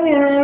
من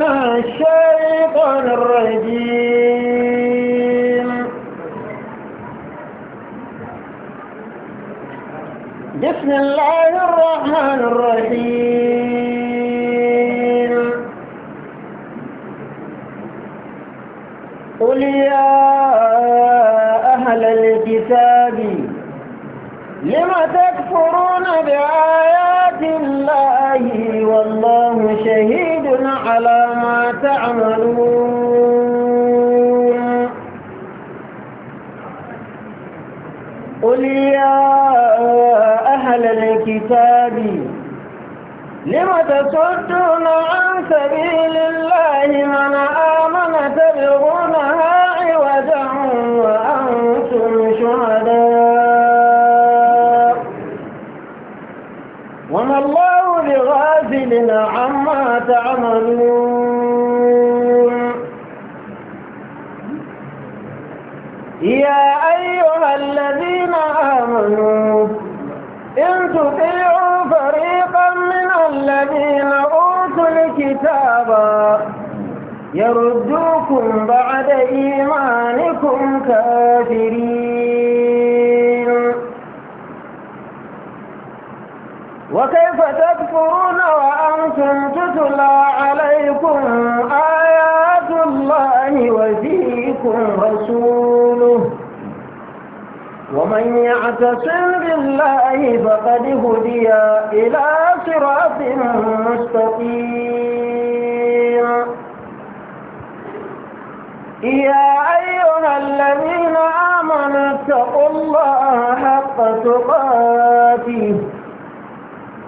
الله حق تقاته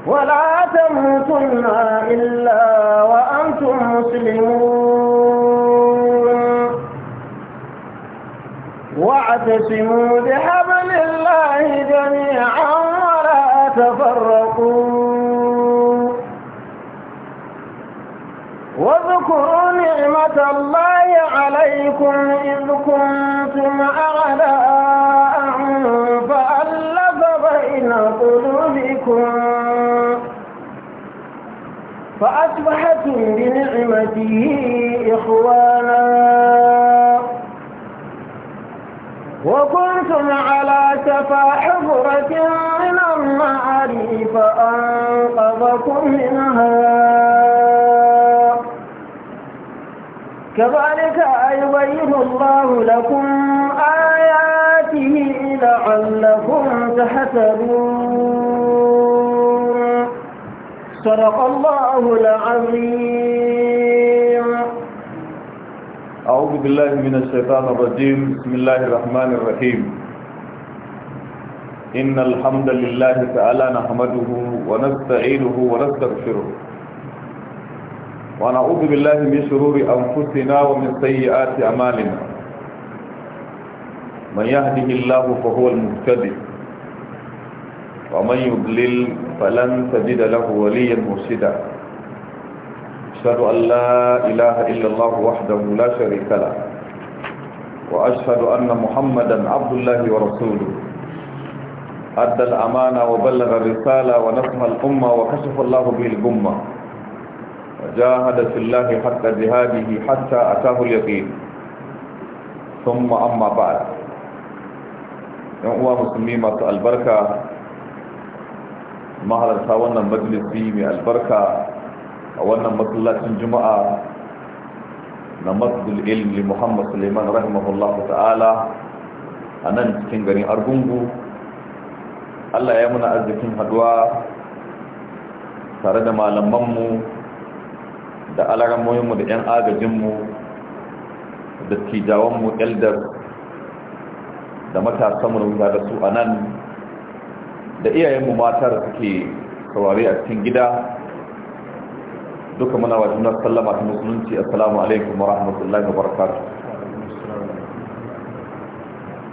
ولا تموتنا إلا وأنتم مسلمون واعتصموا بحبل الله جميعا ولا تفرقوا واذكروا نعمة الله عليكم إذ كنتم أعداء فألف بين قلوبكم فأصبحتم بنعمته إخوانا وكنتم على شفا حفرة من النار فأنقذكم منها كذلك يبين الله لكم آياته لعلكم تحسبون صدق الله العظيم أعوذ بالله من الشيطان الرجيم بسم الله الرحمن الرحيم إن الحمد لله تعالى نحمده ونستعينه ونستغفره ونعوذ بالله من شرور أنفسنا ومن سيئات أمالنا من يهده الله فهو المهتدي ومن يضلل فلن تجد له وليا مرشدا أشهد أن لا إله إلا الله وحده لا شريك له وأشهد أن محمدا عبد الله ورسوله أدى الأمانة وبلغ الرسالة ونصح الأمة وكشف الله به الأمة وجاهد في الله حق جهاده حتى أتاه اليقين ثم أما بعد يقوى مسلمة البركة مهلا ساونا مجلسي من البركة وانا مسلاة الجمعة نمسد العلم لمحمد سليمان رحمه الله تعالى أنا نتكين غني أرغنغو Allah ya muna arzikin haduwa tare da malamanmu da alaramoyinmu da 'yan agajinmu da tijawanmu eldar da matasanmu da da su a nan da iyayenmu mata da suke saurari a cikin gida duka muna wajen na sallama ta musulunci assalamu alaikum wa rahmatullahi wa barakatuh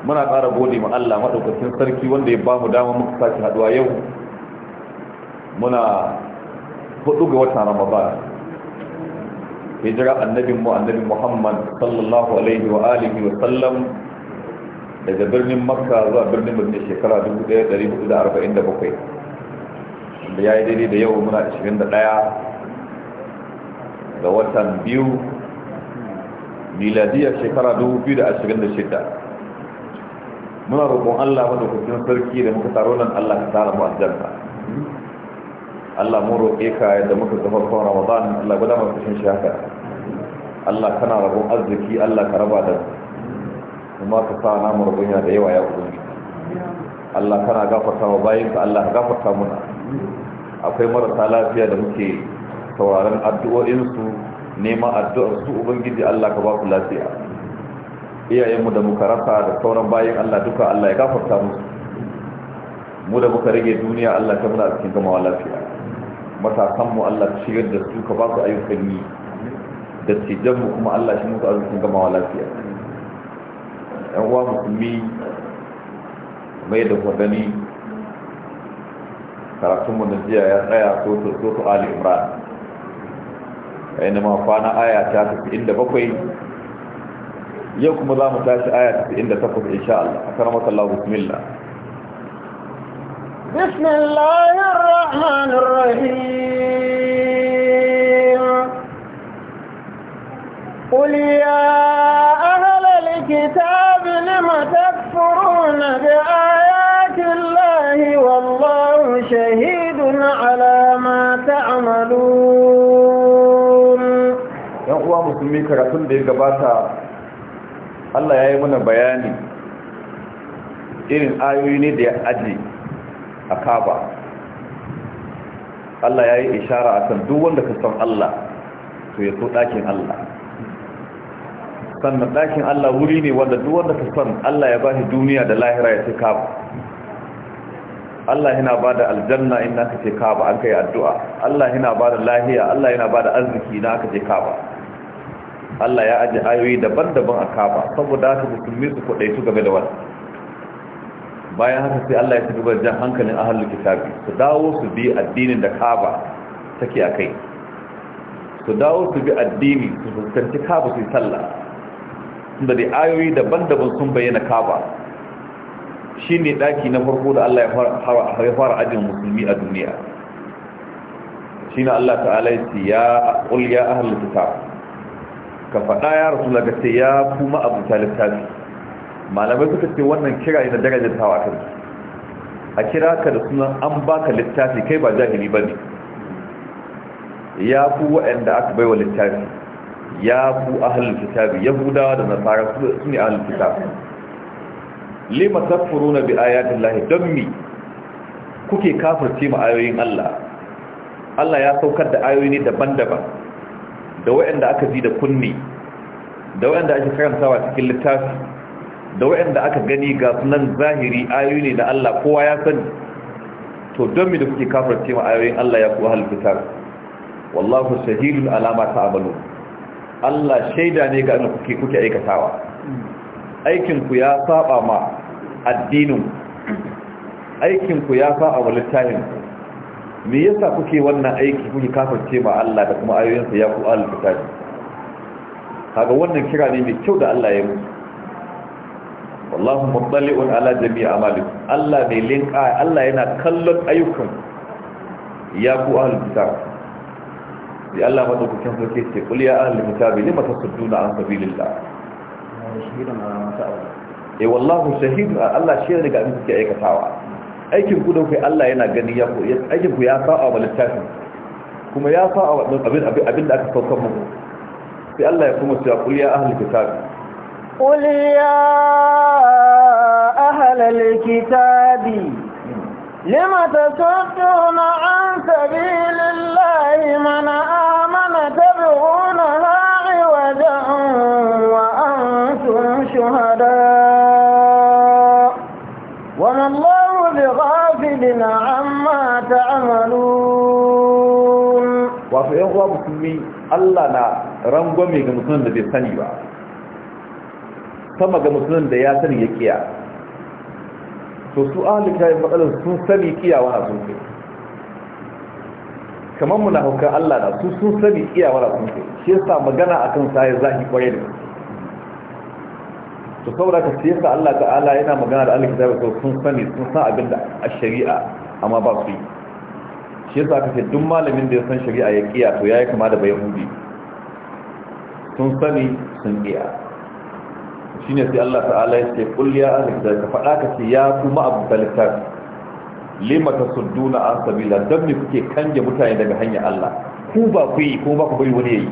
muna ƙara gode ma Allah maɗaukacin sarki wanda ya ba mu dama muka sake haɗuwa yau muna hudu ga wata ramadan hijira annabin mu annabin muhammad sallallahu alaihi wa alihi wa sallam daga birnin makka zuwa birnin birnin shekara 1447 da ya yi daidai da yau muna 21 ga watan biyu miladiyar shekara 2026 muna roƙon Allah madaukakin sarki da muka taro nan Allah ka tara mu aljanna Allah mu roƙe ka yadda muka zama kwan Ramadan Allah guda mu cikin shi haka Allah kana rabon arziki Allah ka raba da kuma ka sa namu rabon yana da yawa ya ubangi Allah kana gafarta wa bayin ka Allah ka gafarta muna akwai marasa lafiya da muke sauraron addu'o'insu neman addu'ar su ubangiji Allah ka ba ku lafiya iyayenmu da muka rasa da sauran bayan Allah duka Allah ya gafarta musu mu da muka rage duniya Allah ta muna cikin gamawa lafiya matasanmu Allah ta shigar da su ka ba su ayyukan yi da cijanmu kuma Allah shi musu arzikin gamawa lafiya yan uwa musulmi mai da kwadani karatunmu na jiya ya tsaya so su ali imran ya yi ma kwana aya ta tafi inda bakwai. yau kuma za mu tashi aya ta 98 insha Allah a karamata Allah bismillah بسم الله الرحمن الرحيم قل يا أهل الكتاب لم تكفرون بآيات الله والله شهيد على ما تعملون يا أخوة مسلمين كراتون دي الله يا بياني irin ayoyi دي أجلي a kaba Allah ya yi ishara a kan duk wanda ka san Allah to ya so ɗakin Allah sannan ɗakin Allah wuri ne wanda duk wanda ka san Allah ya ba shi duniya da lahira ya ce kaba Allah yana ba da aljanna in aka ce kaba an kai addu'a Allah yana ba da lahiya Allah yana ba da arziki na aka ce kaba Allah ya aji ayoyi daban-daban a kaba saboda haka musulmi su kwaɗaitu game da wannan bayan haka sai Allah ya fi gaba jan hankalin ahlul kitabi su dawo su bi addinin da Kaaba take a kai su dawo su bi addini su fuskanci Kaaba su yi sallah tunda da ayoyi daban-daban sun bayyana Kaaba ne daki na farko da Allah ya fara ajin musulmi a duniya shine Allah ta'ala ya ce ya qul ya ka faɗa ya rasu ka ce ya kuma abu talib malamai suka ce wannan kira ne na darajar tawa kan a kira ka da sunan an baka littafi kai ba jahili ba ne ya fi waɗanda aka bai wa littafi ya fi ahalin kitabi yahudawa da nasara su ne ahalin kitabi lima tafuru na bi ayatin lahi don mi kuke kafirce ma ayoyin Allah Allah ya saukar da ayoyi ne daban-daban da waɗanda aka ji da kunni da waɗanda ake karantawa cikin littafi da waɗanda aka gani ga sunan zahiri ayoyi ne da Allah kowa ya sani to don mi da kuke kafar cewa ayoyin Allah ya kuwa halittar wallahu shahidun alama ta amalu Allah shaida ne ga ina kuke kuke aikatawa aikin ku ya saba ma addinin aikin ku ya saba wa littafin me yasa kuke wannan aiki kuke kafar cewa Allah da kuma ayoyinsa ya kuwa halittar kaga wannan kira ne mai kyau da Allah ya musu wallahu mutalli'un ala jami'i amalikum Allah mai linka Allah yana kallon ayyukan ya ku ahlul kitab sai Allah madaukakin sarki ce kul ya ahlul kitab lima tasudduna an sabilillah eh wallahu shahid Allah shi ne ga abin da kuke aikatawa aikin ku da kai Allah yana gani ya ku aikin ku ya sa'a wa littafin kuma ya sa'a wa abin abin da aka saukar muku sai Allah ya kuma ce kul ya ahlul kitab قل يا أهل الكتاب لم تصدون عن سبيل الله من آمن تبغونها عوجا وأنتم شهداء وما الله بغافل عما تعملون وفي يوم مسلمي الله لا رنغومي ga mutum da bai sani ba sama ga musulun da ya sani ya kiya to su ahalin kayan matsalar sun sani kiyawa na sun fi. kamar muna hukar Allah na su sun sani kiyawa na sun fi, shi yasa magana akan sa ya zahi kwaye da to saboda ka shi yasa Allah Ala yana magana da Allah kitabu to sun sani sun san abin da a shari'a amma ba su yi shi yasa ka ce duk malamin da ya san shari'a ya kiya to ya yi kama da bayan hudu, sun sani sun kiya shine sai Allah ta'ala ya ce kul ya ahli ka fada ka ce ya kuma abu littafi lima tasudduna an sabila dan me kuke kange mutane daga hanyar Allah ku ba ku yi ko ba ku bari wani yayi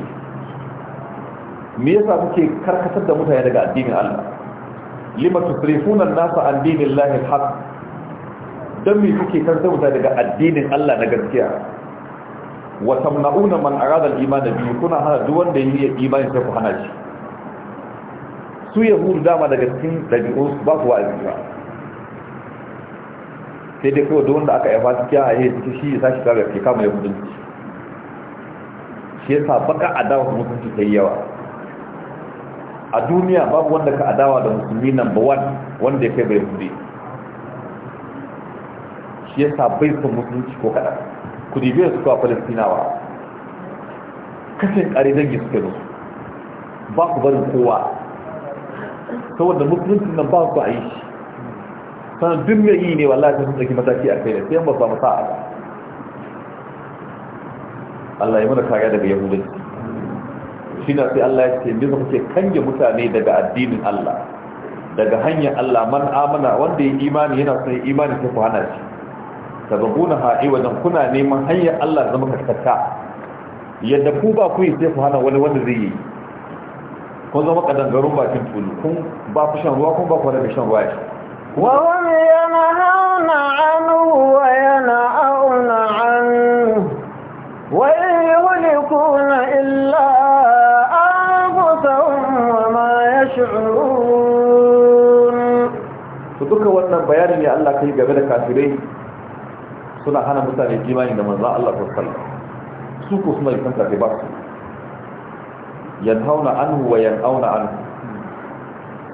me yasa kuke karkatar da mutane daga addinin Allah lima tusrifuna an-nasa addinin dinillahi al-haq dan me kuke karkatar mutane daga addinin Allah na gaskiya wa tamna'una man arada al-iman bi kuna hana duk wanda yake imani sai ku hana shi su yahudu dama daga cikin ɗabi'u ba su wa'azi ba sai dai kawai da wanda aka yafa kya a yi ciki shi ya sashi kawai ke kama yahudunci shi sa baka adawa su mutunci ta yi yawa a duniya babu wanda ka adawa da musulmi number one wanda ya kai bai hudu shi sa bai son mutunci ko kaɗan ku dibiyar su kuwa ba. kashin ƙari dangi suke musu ba ku barin kowa saboda musulunci nan ba su a yi shi sanar duk mai yi ne wallahi sun tsaki mataki a kai da sai ba samu sa'a ba Allah ya mana kaya daga yahudanci shi na sai Allah ya ce ne zama ce kanye mutane daga addinin Allah daga hanyar Allah man amana wanda ya imani yana son imani ta hana shi sababuna ha'i wajen kuna neman hanyar Allah zama karkata yadda ku ba ku yi sai ku hana wani wanda zai yi kun zama kadangarun bakin tulu kun ba ku shan ruwa kun ba ku da shan ruwa shi وهم ينهون an wa yulikuna illa يهلكون wa ma yash'urun to duka wannan bayanin ne Allah kai game da kafirai suna hana mutane jimani da manzon Allah sallallahu alaihi wasallam su ko suna yi kanta da ba su yanhauna anhu wa yan'auna anhu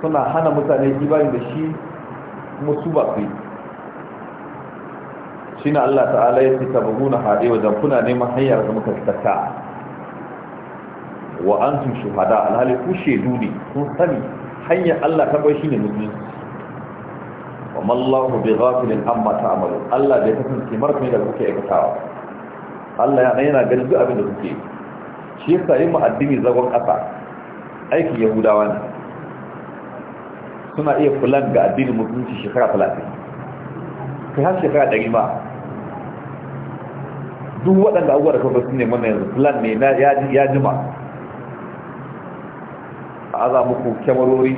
suna hana mutane imani da shi kuma su ba su shi na Allah ta'ala ya fita bugu na haɗe wajen kuna neman hanyar da muka tsaka wa an tun shuhada alhali ku shaidu ne kun sani hanyar Allah ta bai shi ne musulunci wa mallahu bi ghafilin amma ta'malu Allah bai kasance martani da kuke aikatawa Allah ya yana ganin duk abin da kuke yi shi yasa yi ma'addini zagon ƙasa aikin yahudawa ne suna iya fulan ga addinin musulunci shekara talatin kai har shekara ɗari ma duk waɗanda abubuwa da kafa su ne mana yanzu fulan ne ya jima a aza muku kyamarori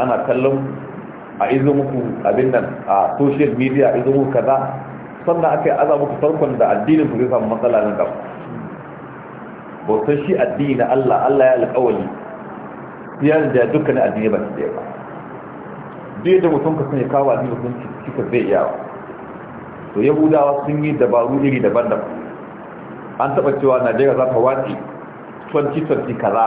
ana kallon a izo muku abin nan a social media izo muku kaza sannan aka yi aza muku farkon da addinin ku zai samu matsala na gaba bautar shi addini na Allah Allah ya alƙawali ya da dukkan addini ba su ba duk da mutum ka sanya kawo addini mutum ka zai iya to yahudawa sun yi dabaru iri daban-daban an taɓa cewa najeriya za ta wace 2020 kaza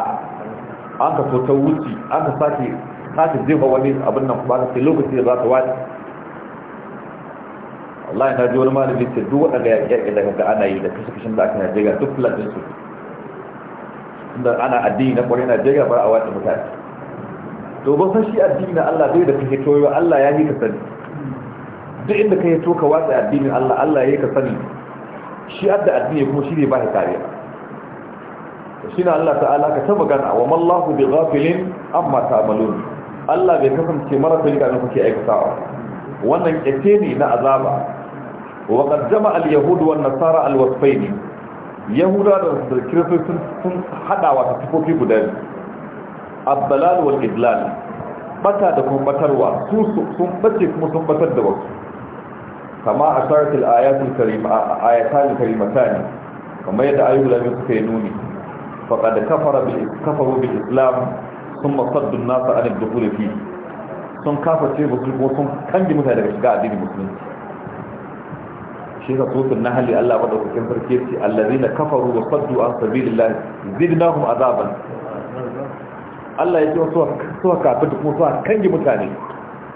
an ka so ta wuce an ka sake sake jefa wani abin nan ba ta ce lokaci da za ta wace wallahi na ji wani malami ce duk waɗanda ya ƙirƙi daga ana yi da kashe-kashen da aka najeriya duk fulani su inda ana addini na kwarai Najeriya ba a wata mutane to ba san shi addini na Allah zai da ka hito yau Allah ya yi ka sani duk inda ka to ka watsa addinin Allah Allah ya yi ka sani shi adda addini kuma shi ne ba shi kariya shi na Allah ta'ala ka taba gana wa mallahu bi ghafilin amma ta'malun Allah bai kasance mara sani ga kuke aikatawa wannan kete ne na azaba wa qad jama'a al-yahud wan nasara al-wasfaini yahuda da kiristoci sun haɗawa ta tufofi guda biyu abdalal wal idlal bata da kuma batarwa sun bace kuma sun batar da wasu kama a sharatul ayatul karima ayatul karimatan kamar yadda ayyul lamin suka yi nuni faqad kafara bil kafaru bil islam thumma saddu an-nas an ad-dukhul fi sun kafa ce kuma sun kange mutane daga shiga addinin musulunci shi ka sosin na hali Allah ba da kukin sarki ce allazi na kafaru wa saddu an sabilillah zidnahum azaban Allah ya ce wasu suka kafin da kuma suka kange mutane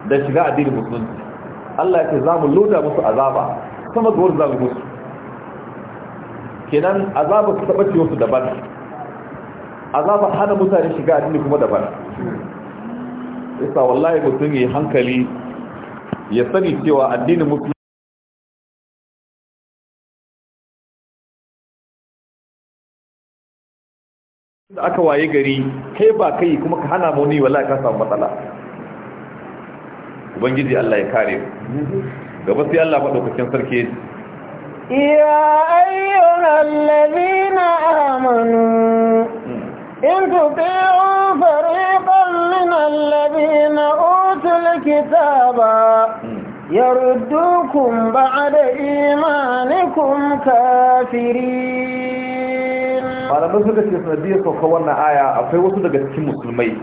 da shiga addinin musulunci Allah ya ce za mu loda musu azaba sama zuwar za mu musu kenan azaba su taɓa wasu daban azaba hana mutane shiga addini kuma daban isa wallahi mutum ya hankali ya sani cewa addinin musulunci da aka waye gari kai ba kai kuma ka hana muni wallahi ka samu matsala ubangiji Allah ya kare gaba sai Allah madaukakin sarki ya ayyuhal ladina amanu in tuti'u fariqan min alladhina utul kitaba yarudukum ba'da imanikum kafirin malamai suka ce sanadiyar sauka wannan aya akwai wasu daga cikin musulmai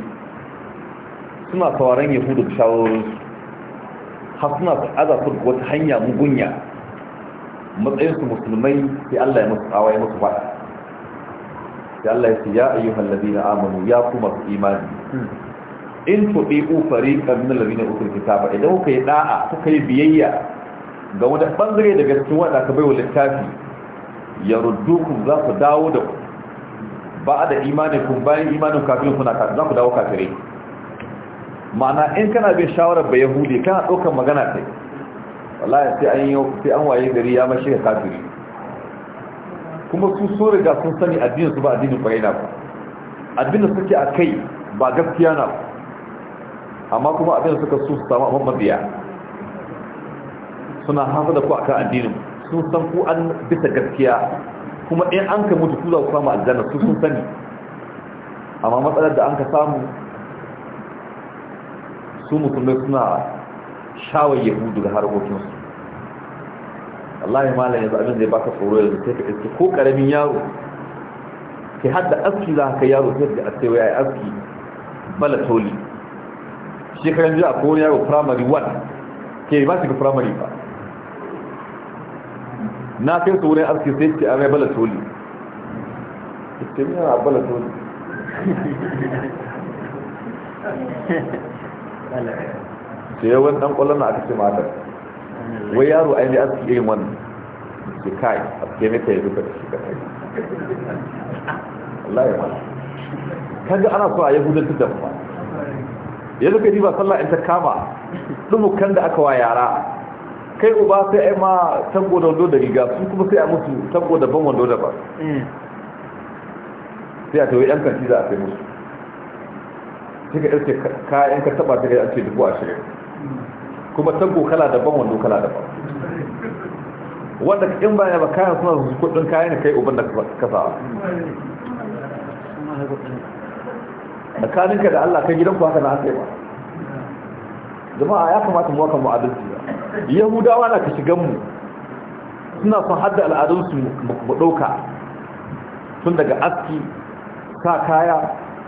suna sauran yahudu da shawarorinsu har suna azafin wata hanya mugunya matsayinsu musulmai sai Allah ya musu ya musu faɗa sai Allah ya ce ya ayyuhal na amanu ya ku masu imani in tuɗi ufari ƙarnin ladina usul kitaba idan kuka yi ɗa'a kuka yi biyayya ga wani bangare daga cikin wanda ka baiwa littafi ya rudduku za ku dawo da ku ba da imanin kun bayan imanin kafin kuna kafin za ku dawo kafirai ma'ana in kana bin shawarar ba yahudi kana ɗaukar magana ta wallahi sai an yi sai an waye gari ya mashi ga kafiri kuma su so riga sun sani addinin su ba addinin kwarai na ba addinin suke a kai ba gaskiya na ba amma kuma addinin suka so su samu abin mabiya suna hafa da ku akan addinin sun san ku an bisa gaskiya kuma in an ka mutu su za ku samu aljanna su sun sani amma matsalar da an ka samu su mutum suna shawar yahudu da harkokinsu Allah ya mala yanzu abin zai baka tsoro yanzu sai ka iske ko karamin yaro kai hadda aski za ka yaro sai da aske wa ya aski bala toli shekaran jiya akwai yaro primary 1 ke ba shi ga primary ba na kai su wurin arziki sai ce a mai bala toli ce yana bala toli ce yawan dan kwallon na aka ce matar wai yaro ainihin arziki irin wannan ce kai aske mai ta yi duka da shi ka kai Allah ya mala kaga ana so a yahudantar da kuma yanzu kai ba sallah in ta kama dumukan da aka wa yara kai uba sai ai ma tango da wando da riga su kuma sai a musu tango da ban wando da ba mm. sai a tawaye yan kanti za a kai musu sai ka ɗauke kayan ka taba ta kai an ce dubu ashirin kuma tango kala da ban wando kala da ba wanda in ba ya ba kayan suna su kudin kayan kai uban da kasa tsakaninka da Allah kai ku haka na aka ba jama'a ya kamata mu wakan mu adalci yahudawa na ka shigan mu suna son hadda al'adunsu mu dauka tun daga aski sa kaya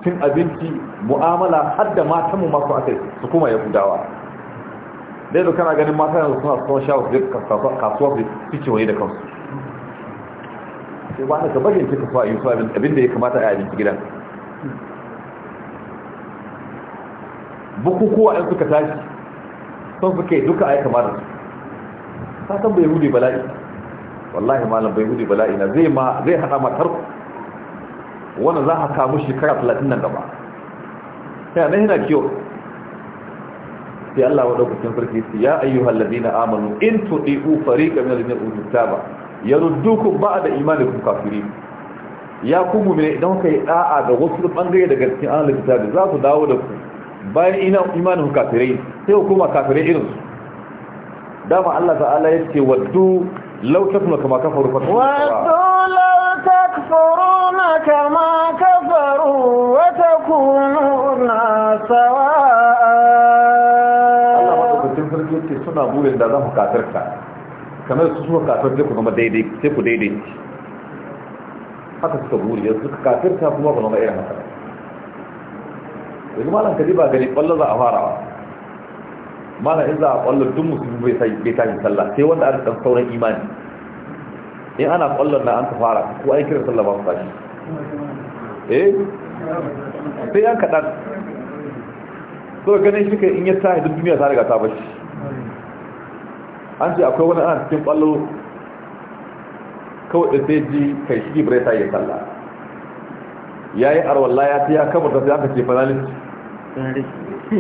cin abinci mu'amala hadda matanmu masu akai su kuma yahudawa dai da kana ganin mata yanzu suna son sha wasu kasuwa su fice wani da kansu sai ba da gabar yanki kasuwa yi su abin da ya kamata a yi abinci gidan bukukuwa in suka tashi sun kai duka a yi kama da su ta san bai hudu bala'i wallahi malam bai hudu bala'i na zai ma zai hada matar wani za a kamu shekara talatin nan gaba sai nan yana kiyo sai Allah wa daukacin sarki su ya ayyuhal na amalu in tudiu fariqan min alladhina utul kitaba da ba'da kuma kafiri ya ku mu'mina idan kai da'a ga wasu bangare daga cikin ahlul kitabi za ku dawo da ku bayan ina imanin kafirai sai hukuma kafirai irinsu dama Allah ta'ala ya ce waddu law takfuruna kama kafaru fa waddu law takfuruna kama kafaru wa takununa sawa'a Allah madaukakin sarki yake suna burin da za ku kafirta kamar su suka kafirta ku zama daidai sai ku daidai haka suka buri yanzu suka kafirta kuma ku zama irin haka yanzu malam kadi ba gani kwallo za a fara ba. malam in za a kwallo duk musulmi bai tashi sallah sai wanda an dan sauran imani in ana kwallon na an ta fara ko an kira sallah ba su tashi eh sai an kaɗan so ganin shi kai in ya tashi duk duniya ta riga ta bashi an ce akwai wani ana cikin kwallo kawai da sai ji kai shi bai tashi sallah ya yi arwallah ya fiya kamar kabarta sai aka ce fanalist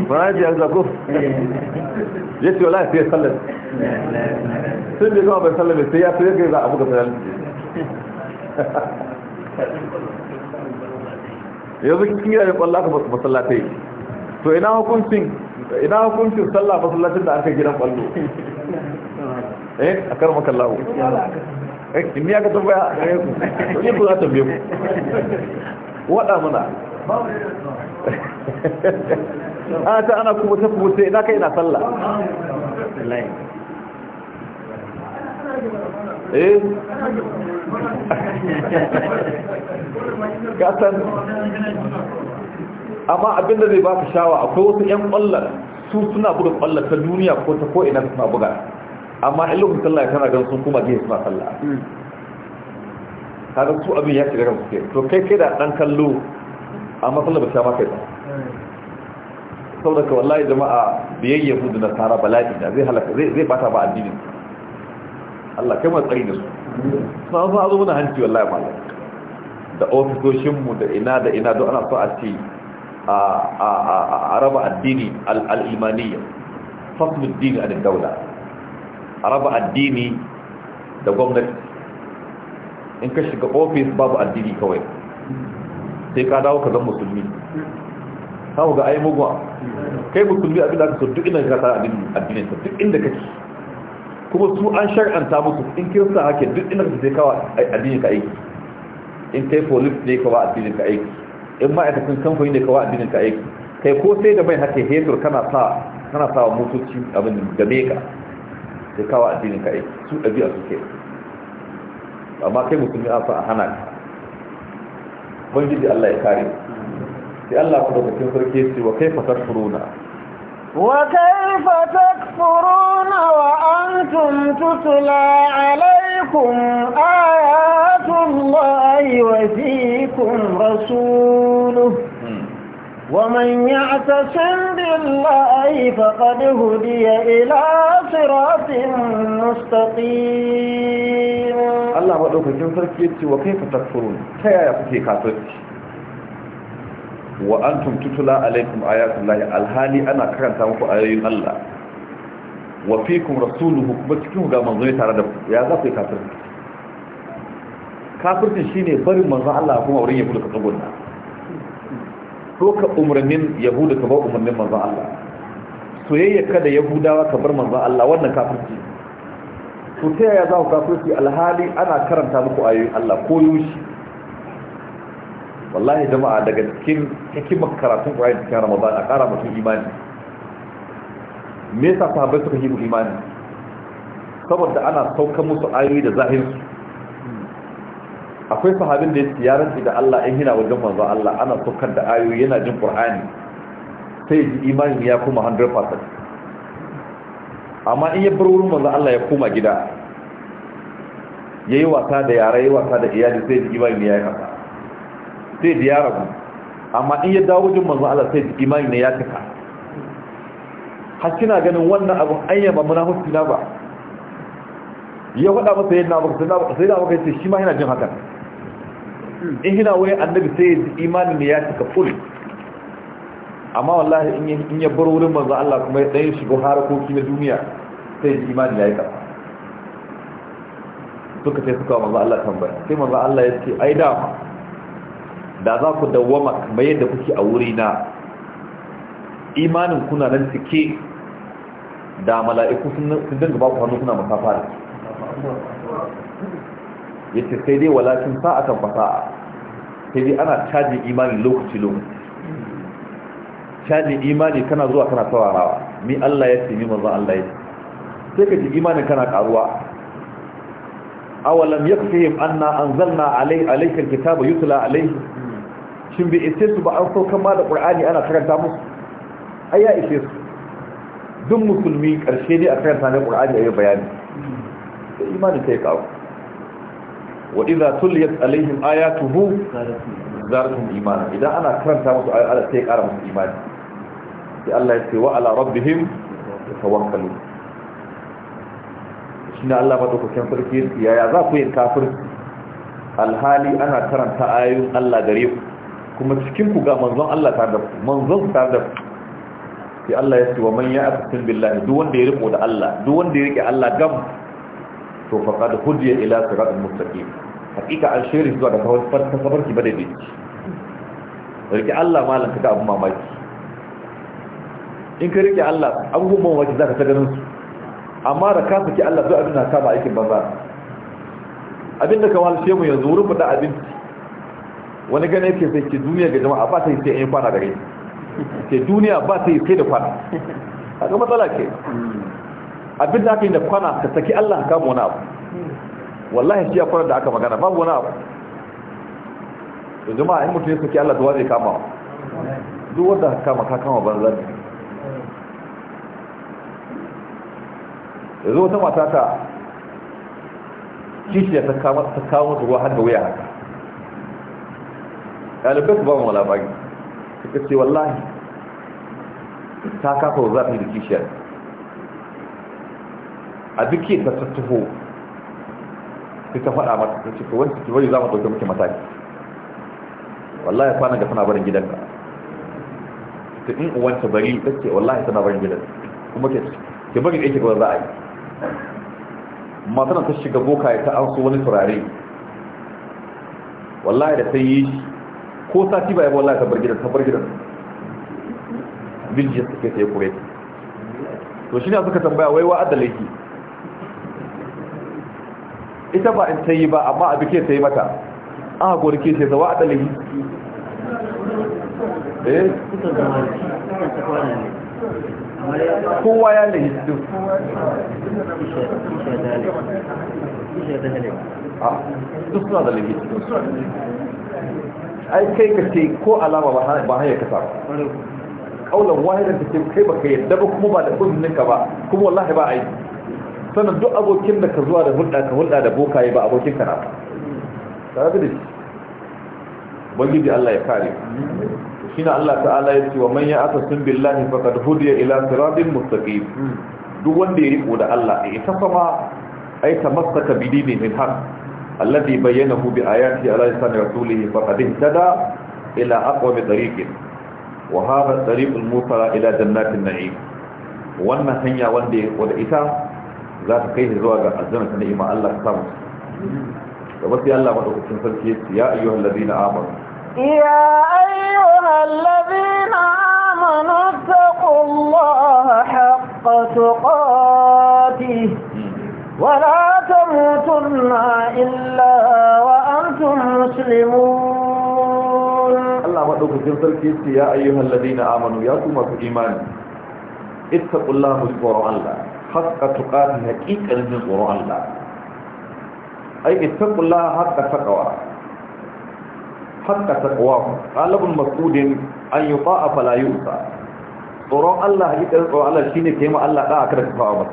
fanalist ya zago ya ce wala ya ya sallar sun da gama bai sallar mai sai ya fiye yaga za a buga fanalist yanzu cikin gidajen kwallo aka masallatai to ina hukuncin ina hukuncin sallah masallacin da aka gina kwallo eh a karma kallahu eh ni aka tambaya ni ku za ta biyu waɗa muna ana ta ana kuma ta kubuce ina kai na sallah eh gasan amma abinda zai baka shawa akwai wasu 'yan kwallon su suna buga kwallon ta duniya ko ta ko ina suna buga amma ilokacin sallah tana gan sun kuma gina suna sallah hmm. kaga su abin ya shiga kan suke to kai kai da dan kallo a matsalar ba ta ma kai ba saboda ka wallahi jama'a biyayya hudu na tara bala'i da zai halaka zai zai bata ba addinin Allah kai ma tsari da su sai an zo muna hanci wallahi malam da ofisoshinmu da ina da ina don ana so a ce a araba raba addini al-imaniyya a ad daula an raba addini da gwamnati in ka shiga ofis babu addini kawai sai ka dawo ka zan musulmi samu ga ayi mugwa kai musulmi abin da aka so duk inda ka sa addinin sa duk inda kake kuma su an shar'anta musu in sa hake duk inda ka sai kawa addinin ka aiki in kai police ne kawa addinin ka aiki in ma'aikatan kamfani ne kawa addinin ka aiki kai ko sai da mai hake hetur kana sa kana sa wa abin da meka sai kawa addinin ka aiki su ɗabi'a su ke amma kai musulmi a a hana ka ubangiji Allah ya kare sai Allah ku daga cikin sarki ce wa kaifa tashkuruna wa kaifa takfuruna wa antum tutla alaykum ayatullahi wa fiikum rasuluhu ومن يعتصم بالله فقد هدي إلى صراط مستقيم Allah maɗaukakin sarki ya ce wa kai fatakfurun ta yaya kuke kafirci wa an tumtutula alaikum ayatun lahi alhali ana karanta muku ayoyin Allah wa fikum rasuluhu kuma cikin ga manzo ne tare da ku ya za ku yi kafirci kafircin shine barin manzo Allah kuma wurin yahudu ka tsuguna ko ka umarnin yahudu ka ba umarnin manzo Allah soyayya kada yahudawa ka bar manzo Allah wannan kafirci to ta yaya za ku su alhali ana karanta muku ayoyin Allah ko yushi wallahi jama'a daga cikin hikimar karatun Qur'ani cikin Ramadan a ƙara mutum imani me yasa sahabbai suka yi imani saboda ana sauka musu ayoyi da zahirin akwai sahabin da ya rantsi da Allah in hina wajen manzo Allah ana saukar da ayoyi yana jin Qur'ani sai ji imani ya kuma 100% amma in ya bar wurin manzo Allah ya koma gida yayi wasa da yara yayi wasa da iyali sai jiki bai ne ya kafa sai da yara ku amma in ya dawo wajen manzo Allah sai jiki bai ne ya kafa hakina ganin wannan ayya ba munafiki na ba ya faɗa masa yadda abu sai da abu kai shi ma yana jin hakan in hina wuri annabi sai imani ne ya cika full amma wallahi in ya bar wurin manzo Allah kuma ya tsaye shiga harakoki na duniya sai ji imani ya yi ƙasa suka sai suka manzo Allah tambaya sai manzo Allah ya ce ai dama da za ku dawwama kamar yadda kuke a wuri na imanin kuna nan cike da mala'iku sun dinga ba ku hannu kuna masafa da ce sai dai walakin kan fasa'a sai dai ana caji imani lokaci lokaci shaɗin imani kana zuwa kana saurarawa mi Allah ya ce mi manzon Allah ya ce sai ka ji imanin kana karuwa awalam yakfihim anna anzalna alai alayka alkitaba yutla alayhi shin bi isesu ba an saukan ma da qur'ani ana karanta musu ai ya isesu. su duk musulmi karshe ne a karanta ne qur'ani ayi bayani sai imanin kai kawo wa idza tuliyat alaihim ayatuhu zartum imana idan ana karanta musu ayoyi sai kara musu imani sai Allah ya ce wa ala rabbihim tawakkalu shine Allah madaukakin sarki yaya za ku yin kafir alhali ana karanta ayoyin Allah gare ku kuma cikin ku ga manzon Allah tare da manzon tare da ku sai Allah ya ce wa man ya'tasim billahi duk wanda ya riko da Allah duk wanda ya rike Allah gam to faqad hudiya ila siratal mustaqim hakika an shiri zuwa da kawai farka sabarki bada dace rike Allah malan da abu mamaki in ka rike Allah abubuwan waje za ka ta ganin su amma da ka saki Allah zuwa abin na kama aikin banza abin da ka walshe mu yanzu wurin faɗa abinci wani gane ke sai ke duniya ga jama'a ba ta yi sai an yi kwana da rai ke duniya ba ta yi sai da kwana a ga matsala ke abin da aka yi da kwana ka saki Allah kama wani abu wallahi shi ya kwana da aka magana babu wani abu da jama'a in mutum ya saki Allah zuwa zai kama duk wanda kama ka kama banza ne yanzu wata mata ta kishiya ta kawo mutu ruwa har da wuya haka ɗalibai su ba mu labari suka ce wallahi ta kafa wa zafi da kishiyar a duk yi ta tattaho sai ta faɗa mata ta cikin wani cikin wani za mu ɗauke muke mataki wallahi kwanan ga tana barin gidanka ta in uwanta bari ta ce wallahi tana barin gidanka kuma ke bari ɗaya ke gaba za a yi matan ta shiga boka ya ta an wani turare wallahi da ta yi ko sati ba ya wallahi ta bar gidan ta bar gidan biljiyar suke ta yi kure to shi ne suka tambaya waiwa ki? ita ba in ta yi ba amma abu ke ta yi mata an gori ke yi zawa a eh kowa ya lahi su duk suna da lahi ai kai ka ce ko alama ba hanyar kasa ba kaulan wahidar ta ce kai ba ka yadda ba kuma ba da uzuninka ba kuma wallahi ba aiki sannan duk abokin da ka zuwa da hulɗa ka hulɗa da bokaye ba abokin ka na ba tare da shi ubangiji Allah ya kare shine Allah ta'ala ya ce wa man ya'tasim billahi faqad hudiya ila siratin mustaqim hmm. duk wanda ya riko da Allah ya eh, ita kuma ai tamassaka bi dini min haq alladhi bayyanahu bi ayati ala lisan rasulihi faqad ihtada ila aqwam tariqin wa hadha tariq al-musa ila jannatin na'im wannan hanya wanda wanda ita za ta kai zuwa ga aljanna ta ni'ima Allah ta samu da hmm. wasu Allah madaukakin sarki ya ayyuhal ladina amanu يا أيها الذين آمنوا اتقوا الله حق تقاته ولا تموتن إلا وأنتم مسلمون الله مدوكتين الكيس يا أيها الذين آمنوا يا كما في إيمان اتقوا الله وذكروا الله حق تقاته حقيقة من الله أي اتقوا الله حق تقوى حق تقواه قال ابن مسعود أن يطاع فلا tsoron Allah haƙiƙar tsoron Allah shine ne taimaka Allah ɗan a kada ka fa'a masa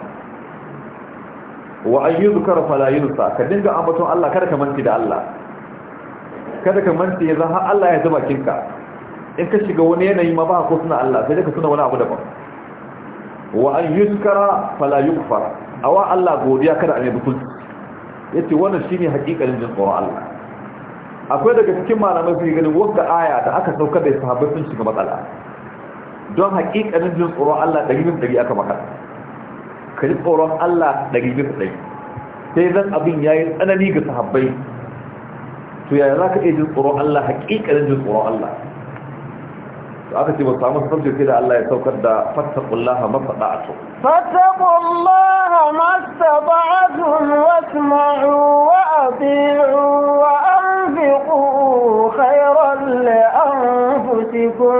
wa an yi zukar falayinsa ka dinga ambaton Allah kada ka manti da Allah kada ka manti yanzu, zaha Allah ya zuba kinka in ka shiga wani yanayi ma ba ko suna Allah sai ka suna wani abu daban wa an yi zukara falayinsa a wa Allah godiya kada a ne butul ya ce wannan shi ne jin tsoron Allah akwai daga cikin malamai su ganin wanda aya da aka saukar da sahabbai sun shiga matsala don haƙiƙanin jin tsoron Allah ɗari bisa ɗari aka maka ka ji tsoron Allah ɗari bisa ɗari sai zan abin ya yi tsanani ga sahabbai to yaya za ka iya jin tsoron Allah haƙiƙanin jin tsoron Allah to aka ce ba samu sabbi sai da Allah ya saukar da ma faɗa fattaqullaha masada'atu fattaqullaha masada'atun wasma'u wa ati'u wa قتل أنفسكم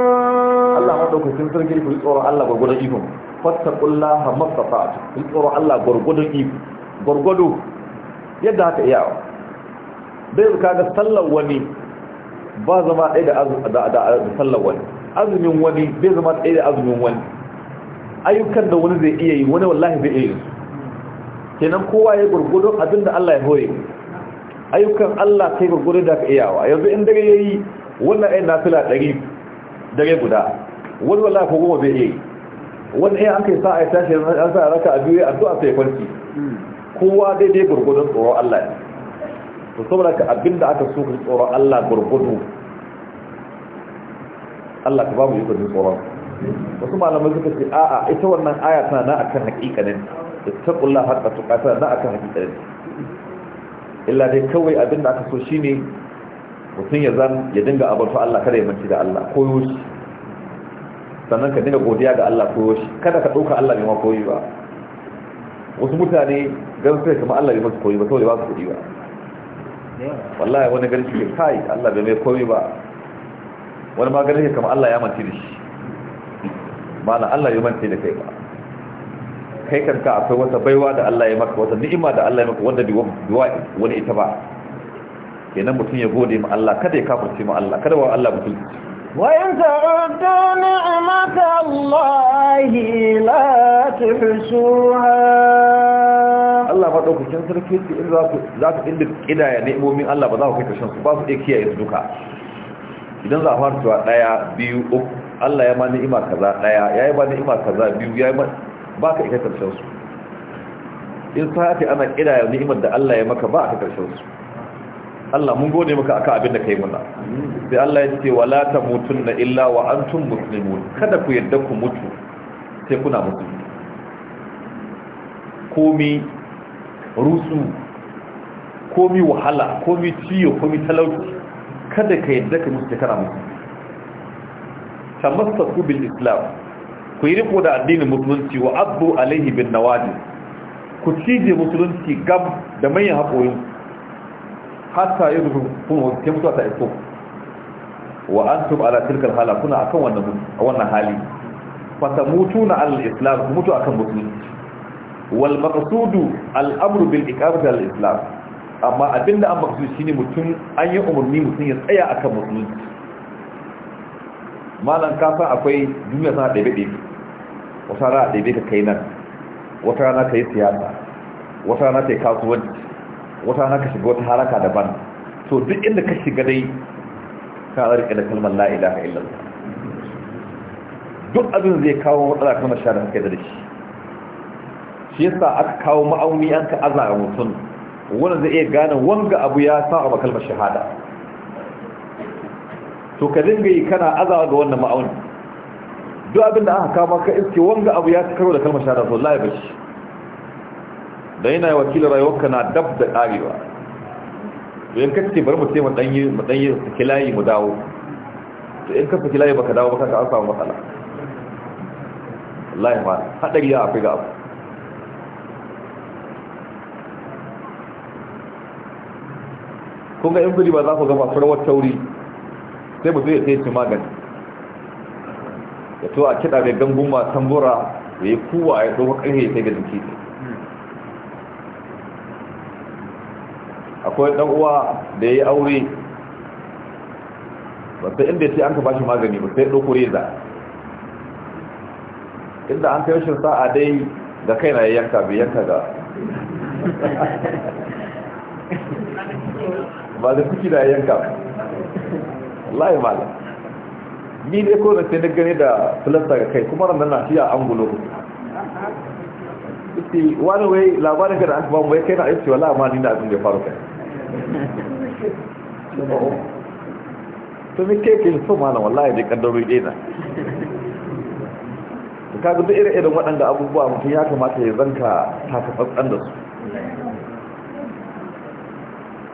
الله مدوك سنسر جيل في الصورة الله قرقود إيكم فاتقوا الله ما استطعتم في الصورة الله قرقود إيكم قرقودوا yadda haka iyawa bai kaga sallar wani ba zama ɗaya da sallar wani azumin wani bai zama ɗaya da azumin wani ayyukan da wani zai iya yi wani wallahi zai iya yi kenan kowa ya gurgudu abinda Allah ya hoye ayyukan Allah sai gurgudu da ka iyawa yanzu in daga yayi wannan ayin fila ɗari dare guda wani wala ko goma bai yi wani ayin an kai sa a yi tashi an sa raka a biyu addu'a sai kwanci kowa daidai gurgudun tsoron Allah ne to saboda ka abinda aka so ka tsoron Allah gurgudu Allah ka ba mu yi gurgudun tsoron wasu malamai suka ce a'a ita wannan aya tana na akan hakikanin ittaqullah haqqa tana na akan hakikanin illa dai kawai abinda aka so shine mutum ya zan ya dinga abarta Allah kada ya manci da Allah koyo shi sannan ka dinga godiya ga Allah koyo shi kada ka ɗauka Allah mai ma koyi ba wasu mutane gan sai kama Allah bai masu koyi ba saboda ba su koyi ba wallahi wani ganin shi kai Allah bai mai koyi ba wani ma ganin kama Allah ya manci da shi mana Allah ya manci da kai ba kai kanka akwai wata baiwa da Allah ya maka wata ni'ima da Allah ya maka wanda bi wani ita ba kenan mutum ya gode ma Allah kada ya kafirce ma Allah kada wa Allah mutum وإن تعدوا نعمة الله la تحسوها Allah ba kin sarki ce in za ku za ku inda kidaya ni'imomin Allah ba za ku kai kashin su ba su dai kiyaye su duka idan za a fara cewa daya biyu uku Allah ya ma ni'ima kaza daya yayi ba ni'ima kaza biyu yayi ma ba ka ita karshen su in ake ana kidaya ni'imar da Allah ya maka ba ka karshen su Allah mun gode maka akan abin da kai muna sai Allah ya ce wala tamutunna illa wa antum muslimun kada ku yadda ku mutu sai kuna musulmi komi rusu komi wahala komi ciyo komi talauci kada ka yadda ka mutu kana musulmi tamassaku bil islam ku yi riko da addinin musulunci wa abdu alaihi bin nawadi ku cije musulunci gab da manyan haƙoyinku hatta yi zuhu kuma ke mutuwa ta iso wa an tub ala tilkal hala kuna akan wannan hali fata mutu na al-islam ku mutu akan musulunci wal maqsudu al-amru bil iqamati al-islam amma abinda an maqsud shine mutum an yi umarni mutum ya tsaya akan musulunci malan ka san akwai duniya tana da bebe wata rana bebe ka kai nan wata rana ka yi siyasa wata rana kai yi kasuwanci wata rana ka shiga wata haraka daban to duk inda ka shiga dai ka rike da kalmar la ilaha illallah duk abin zai kawo matsala kuma sha haka da shi shi yasa aka kawo ma'auni an ka a mutum wanda zai iya gane wanga abu ya sa a kalmar shahada to ka dinga yi kana azawa ga wannan ma'auni duk abin da aka kawo maka iske wanga abu ya karo da kalmar shahada to la shi da yana wakilin rayuwarka na dab da ƙarewa in ka ce bari mu ce maɗanyi saki layi mu dawo to in ka fikilayi layi baka dawo baka ka an samu matsala wallahi ma haɗari ya afi ga abu kun ga in guri ba za ku gama farawar tauri sai mu ya sai ci magani ya to a kiɗa mai gangun ma tambura ya yi kuwa ya ɗauka ƙarfe ya sai ga jiki ne akwai dan uwa da yayi aure ba sai inda sai an ka bashi magani ba sai dauko reza inda an kai shin sa'a dai da kaina ya yanka bai yanka ga ba da kuki da yanka Allah ya ni dai ko da sai na gane da filasta ga kai kuma ran na fiya an gulo wani wai labarin ga da an ba mu wai kai na aiki wala amma ni na abin da ya faru kai to mi kai ke so malam wallahi dai kaddaro dai na ka ga duk irin irin waɗanda abubuwa mutum ya kamata ya zanka ka tsantsan da su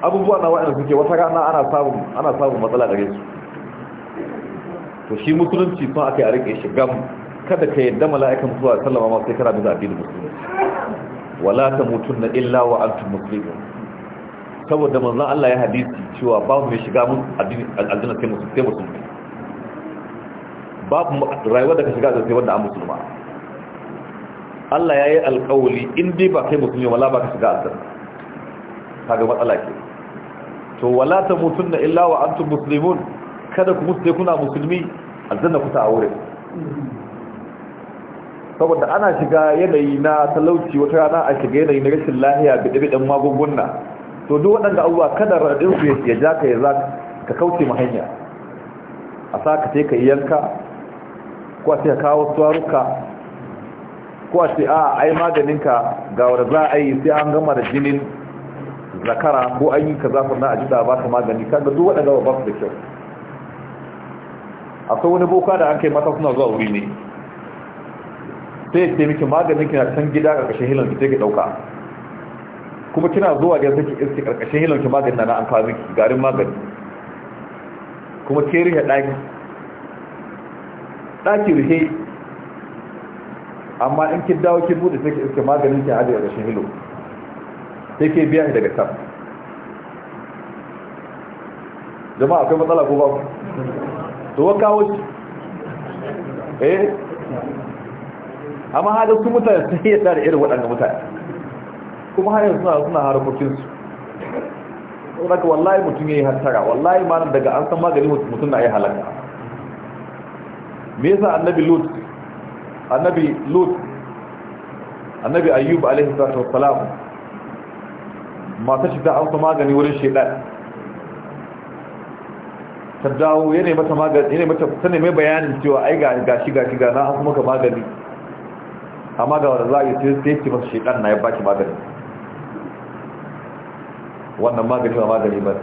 abubuwa na waɗanda suke wata rana ana samun ana matsala gare su to shi musulunci sun aka yi a rike shi gam kada ka yadda mala'ikan mutuwa sallama ma sai kana da musulunci wala tamutunna illa wa antum muslimun saboda manzon Allah ya hadisi cewa babu mai shiga mun addini aljanna sai musu sai musu babu rayuwar da ka shiga sai wanda an musulma Allah ya yi alƙawali in dai ba kai musulmi wala ba ka shiga aljanna kaga matsala ke to wala ta mutunna illa wa antum muslimun kada ku mutu kuna musulmi aljanna ku ta aure saboda ana shiga yanayi na talauci wata rana a shiga yanayi na rashin lahiya bidibidin magungunan. to duk waɗanda abubuwa kada radin su ya ja ka ya za ka kauce mu hanya a sa ka ce ka yi yanka ko a ce ka kawo tsaruka ko a ce a ai maganinka ga wanda za a yi sai an gama da jinin zakara ko an yi ka zafin na ajida ba ka magani ka ga duk waɗanda ba su da kyau A akwai wani boka da an kai mata suna zuwa wuri ne sai ya ce miki maganinki na can gida ga kashe hilon ki sai ka ɗauka kuma kina zuwa da yanzu ki iske karkashin hilon ki da na an fara miki garin magani kuma ke rihe ɗaki ɗaki rihe amma in ki dawo ki bude sai ki iske maganin ki hajji karkashin hilo sai ke biya daga sama jama'a akwai matsala ko ba ku to wa kawo shi eh amma hada su mutane sai ya tare irin waɗannan mutane kuma har yanzu suna harkokinsu saboda wallahi mutum ya yi hantara wallahi ma daga an san magani mutum na yi halaka me yasa annabi lut annabi lut annabi ayyub alaihi salatu wassalam mata shida an amsa magani wurin shedan ta dawo yana mata magani yana mata sani mai bayanin cewa ai ga ga shi ga na an kuma ka magani amma ga wanda za a yi sai ce masa shedan na ya baki magani wannan magani ba magani ba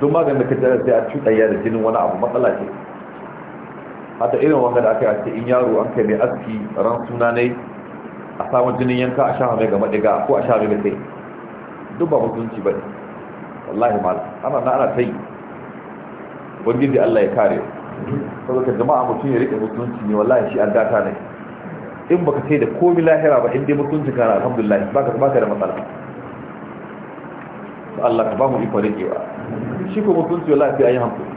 duk maganin da ka jara sai a cuɗanya da jinin wani abu matsala ce hata irin wanda da aka yi in yaro an kai mai aski ran suna ne a samu jinin yanka a sha mai ga maɗiga ko a sha mai ga sai duk ba mutunci ba ne wallahi mal ana na ana Wani da Allah ya kare saboda jama'a mutum ya rike mutunci ne wallahi shi an data ne in baka sai da komi lahira ba in dai mutunci kana alhamdulillah baka ka da matsala Allah ka ba mu iko rikewa shi ko mutunci wallahi sai ayi hankali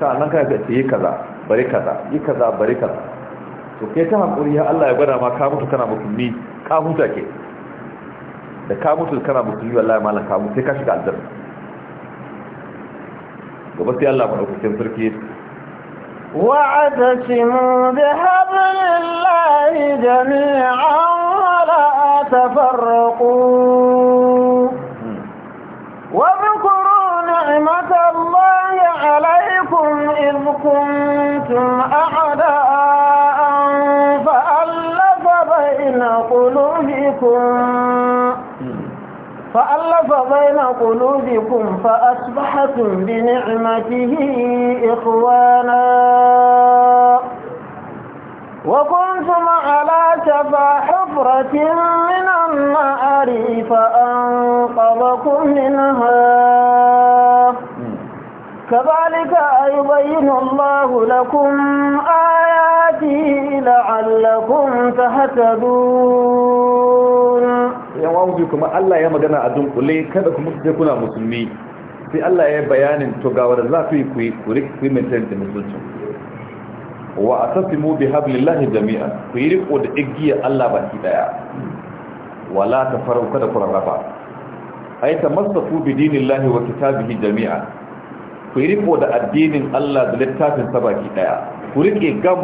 ka nan ka ce yi kaza bari kaza yi kaza bari kaza to kai ta hankuri ya Allah ya gwada ma ka mutu kana musulmi ka huta ke da ka mutu kana musulmi wallahi malam ka mutu sai ka shiga aljanna gobe sai Allah madaukakin sarki وعتسموا بحبل الله جميعا ولا تفرقوا واذكروا نعمة الله عليكم إذ كنتم أعداء فألف بين قلوبكم فألف بين قلوبكم فأصبحتم بنعمته إخوانا وكنتم على شفا حفرة من النار فأنقذكم منها كذلك يبين الله لكم آياته لعلكم تهتدون يا وعودي كما الله يا مدنا أدنك لي كذا كما تكون مسلمي sai Allah ya bayanin to ga wanda za ku yi ku yi ku yi maintain da musulunci wa atasimu bi hablillahi Jami'a ku yi riko da igiya Allah baki daya wala tafaru kada ku rarraba ay tamassaku bi dinillahi wa kitabihi jami'an ku yi riko da addinin Allah da littafin sa baki daya ku rike gam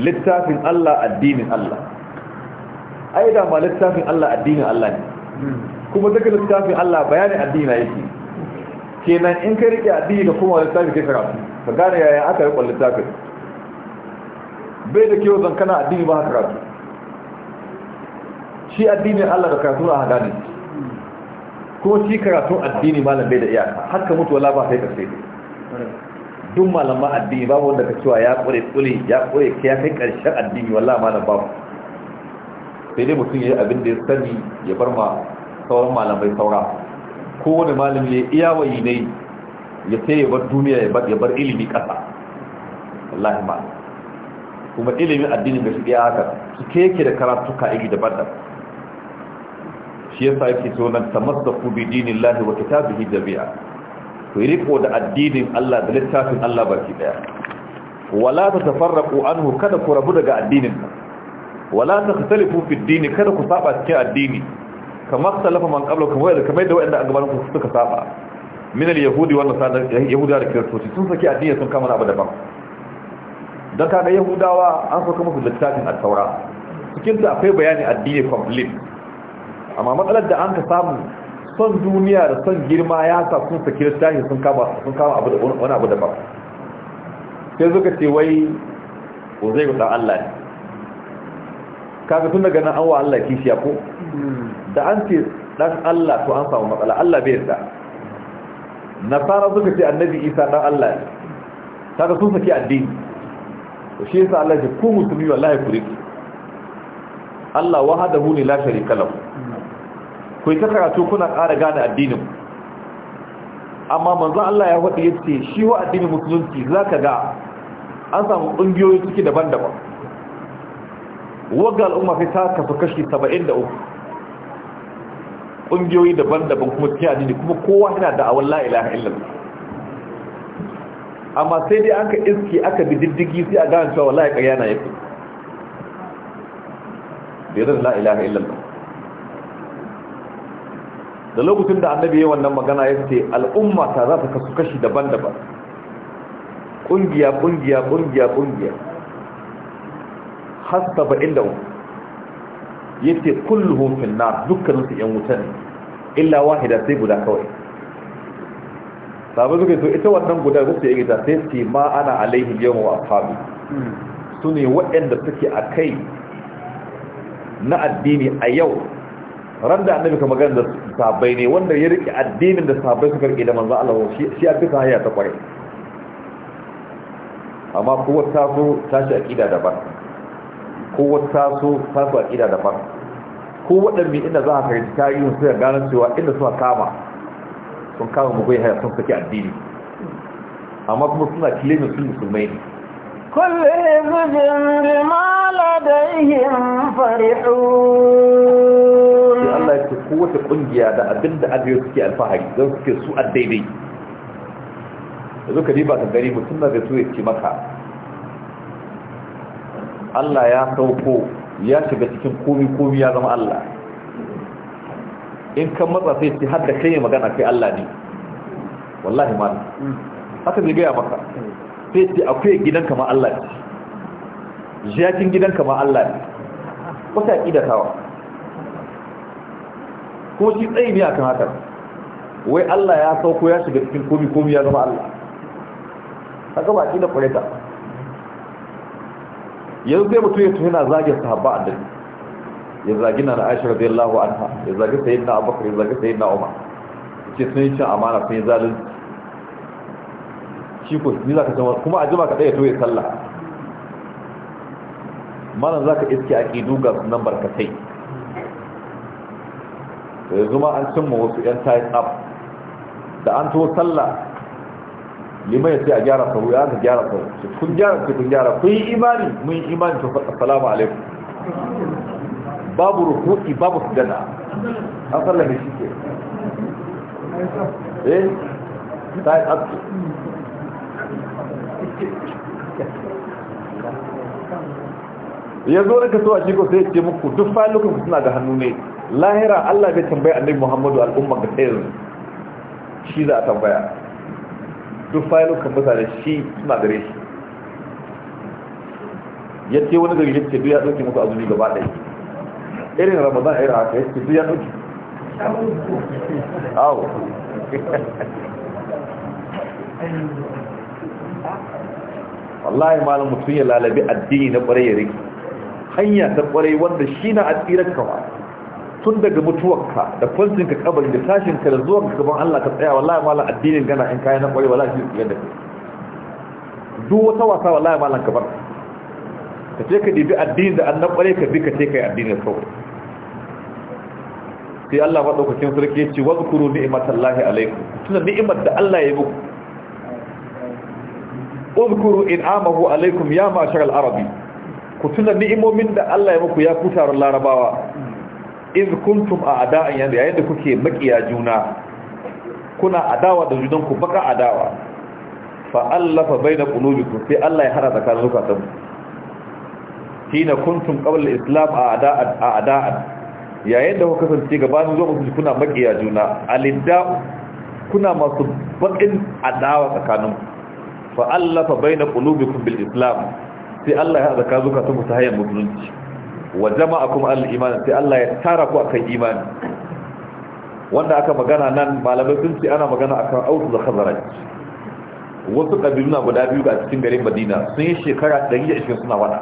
littafin Allah addinin Allah ai da ma littafin Allah addinin Allah ne kuma daga littafin Allah bayanin addina yake kenan in ka rike addini da kuma littafin kai karatu ka gane yaya aka rike littafin bai da kyau kana addini ba karatu shi addini Allah da karatu a hada ne kuma shi karatun addini malam bai da iyaka haka mutu wala ba sai ka sai duk malaman addini babu wanda ka cewa ya kure kule ya kure ka ya kai karshen addini wallahi malam babu sai dai mutum ya abin da ya sani ya bar ma sauran malamai saura ko wani malami ya iya wayi ne ya sai ya bar duniya ya bar ilimi kasa wallahi malam kuma ilimin addini da shi haka su keke da karatuka iri daban-daban shi yasa yake so nan tamassaku bi dinillahi wa kitabihi jami'a ku riko da addinin Allah da littafin Allah baki daya wala ta tafarraqu anhu kada ku rabu daga addinin wala takhtalifu fi ad kada ku saba cikin addini kamar salafa man qabla kamar kamar da wanda an ku suka saba min al-yahudi wa nasara yahudi da kristoci sun saki addini sun kama na abu daban don kaga yahudawa an sauka musu littafin al taura cikinta akwai bayani addini complete amma matsalar da an ka samu son duniya da son girma ya sa sun saki littafin sun kama wani abu da ba sai zuka ce wai ko zai ga allah ne kaga tun daga nan an wa allah kishiya ko da an ce dan allah to an samu matsala allah bai yarda nasara suka ce annabi isa dan allah ne kaga sun saki addini to shi yasa Allah ya ku musulmi wallahi ku riki Allah wahdahu ni la sharika lahu ku ta karatu kuna ƙara gane addinin amma manzo Allah ya faɗi yace shi wa addinin musulunci zaka ga an samu ƙungiyoyi suke daban-daban wagal al'umma sai ta fa kashi 73 ƙungiyoyi daban-daban kuma cikin addini kuma kowa yana da'awar la ilaha illallah amma sai dai an ka iski aka bi diddigi sai a gane cewa wallahi ƙarya na yake bai zan la ilaha illallah da lokacin da annabi yi wannan magana ya ce al'umma ta za ta kasu kashi daban-daban ƙungiya ƙungiya ƙungiya ƙungiya har saba'in da ya ce kulluhun finna dukkaninsu ‘yan wuta ne illa wahida sai guda kawai sabu suka to ita wannan guda gusta ya ta sai ce ma ana alaihi yau wa ashabi su ne waɗanda suke a kai na addini a yau ran da annabi ka magana da sabai ne wanda ya rike addinin da sabai suka rike da manzo Allah shi a duka haya ta kware amma kowa ta so tashi aqida daban kowa ta so ta so aqida daban ko waɗanne inda za ka yi tarihin su ya gano cewa inda suka kama sun kawo mugoyi haya sun saki addini amma kuma suna kilemin sun musulmai ne kulle zubin rimala da yin fari'u sai Allah ya ce wata kungiya da abinda da adiyo suke alfahari don suke su a daidai da ba riba ta gari mutum na zai suwe ce maka Allah ya sauko ya shiga cikin komi komi ya zama Allah in kan matsa sai ce har da kai magana kai Allah ne wallahi ma haka zai gaya maka sai ce akwai gidan kama Allah ne jakin gidan kama Allah ne wata da tawa ko shi tsayi ne akan haka wai Allah ya sauko ya shiga cikin komi komi ya zama Allah haka ba aƙida ƙwareta yanzu zai mutum ya tuhina zagin sahabba a dalilin ya zagi na Aisha radiyallahu anha ya zagi na Abubakar ya zagi na Umar ce sun yi cin amana sun yi zalunci shi ko ni ka san kuma a jima ka ya toye sallah za ka iske a aqidu ga sunan barkatai to yanzu ma an cimma wasu yan tie up da an to sallah liman ya ce a gyara sahu ya ta gyara sahu kun gyara kun gyara kun yi imani mun yi imani to salamu alaikum babu rukuki babu sujada an sallame shi ke eh ta yi aski ya zo da kaso a shiko sai ce muku duk falukan suna da hannu ne lahira Allah bai tambaya annabi Muhammadu al'umma ga tsayin shi za a tambaya duk falukan mutane shi suna gare shi ya ce wani gari ya ce duk ya ɗauke muku azumi gaba ɗaya irin ramadan irin haka yake duk ya ɗauki awo wallahi malam mutum ya lalabi addini na kwarai ya riki hanya ta kwarai wanda shi na tsirarka kawa tun daga mutuwarka da kwancinka kabari da tashinka da zuwa gaban Allah ka tsaya wallahi malam addinin gana in kayan na ƙwarai wala shi su yadda duk wata wasa wallahi malam ka bar ka ce ka dibi addini da annabawa ka bi ka ce kai addinin kawai sai Allah madaukakin sarki ya ce wazkuru ni'matallahi alaikum tuna ni'imar da Allah ya muku uzkuru in'amahu alaikum ya ma'ashar al-arabi ku tuna ni'imomin da Allah ya muku ya ku taron larabawa iz kuntum a'da'an yanzu yayin da kuke makiya juna kuna adawa da junan ku baka adawa fa allafa baina qulubikum sai Allah ya hada tsakanin zukatan hina kuntum qabla al-islam a'da'an a'da'an yayin da kuka kasance gabanin zuwa musulunci kuna makiya juna alidda kuna masu bakin adawa tsakanin fa Allah fa baina qulubikum bil islam sai Allah ya haɗa kazuka ta musu hayyan musulunci wa jama'akum al-iman sai Allah ya tara ku akan iman wanda aka magana nan malamai sun ce ana magana akan autu da khazaraj wasu kabilu na guda biyu ga cikin garin Madina sun yi shekara 120 suna wada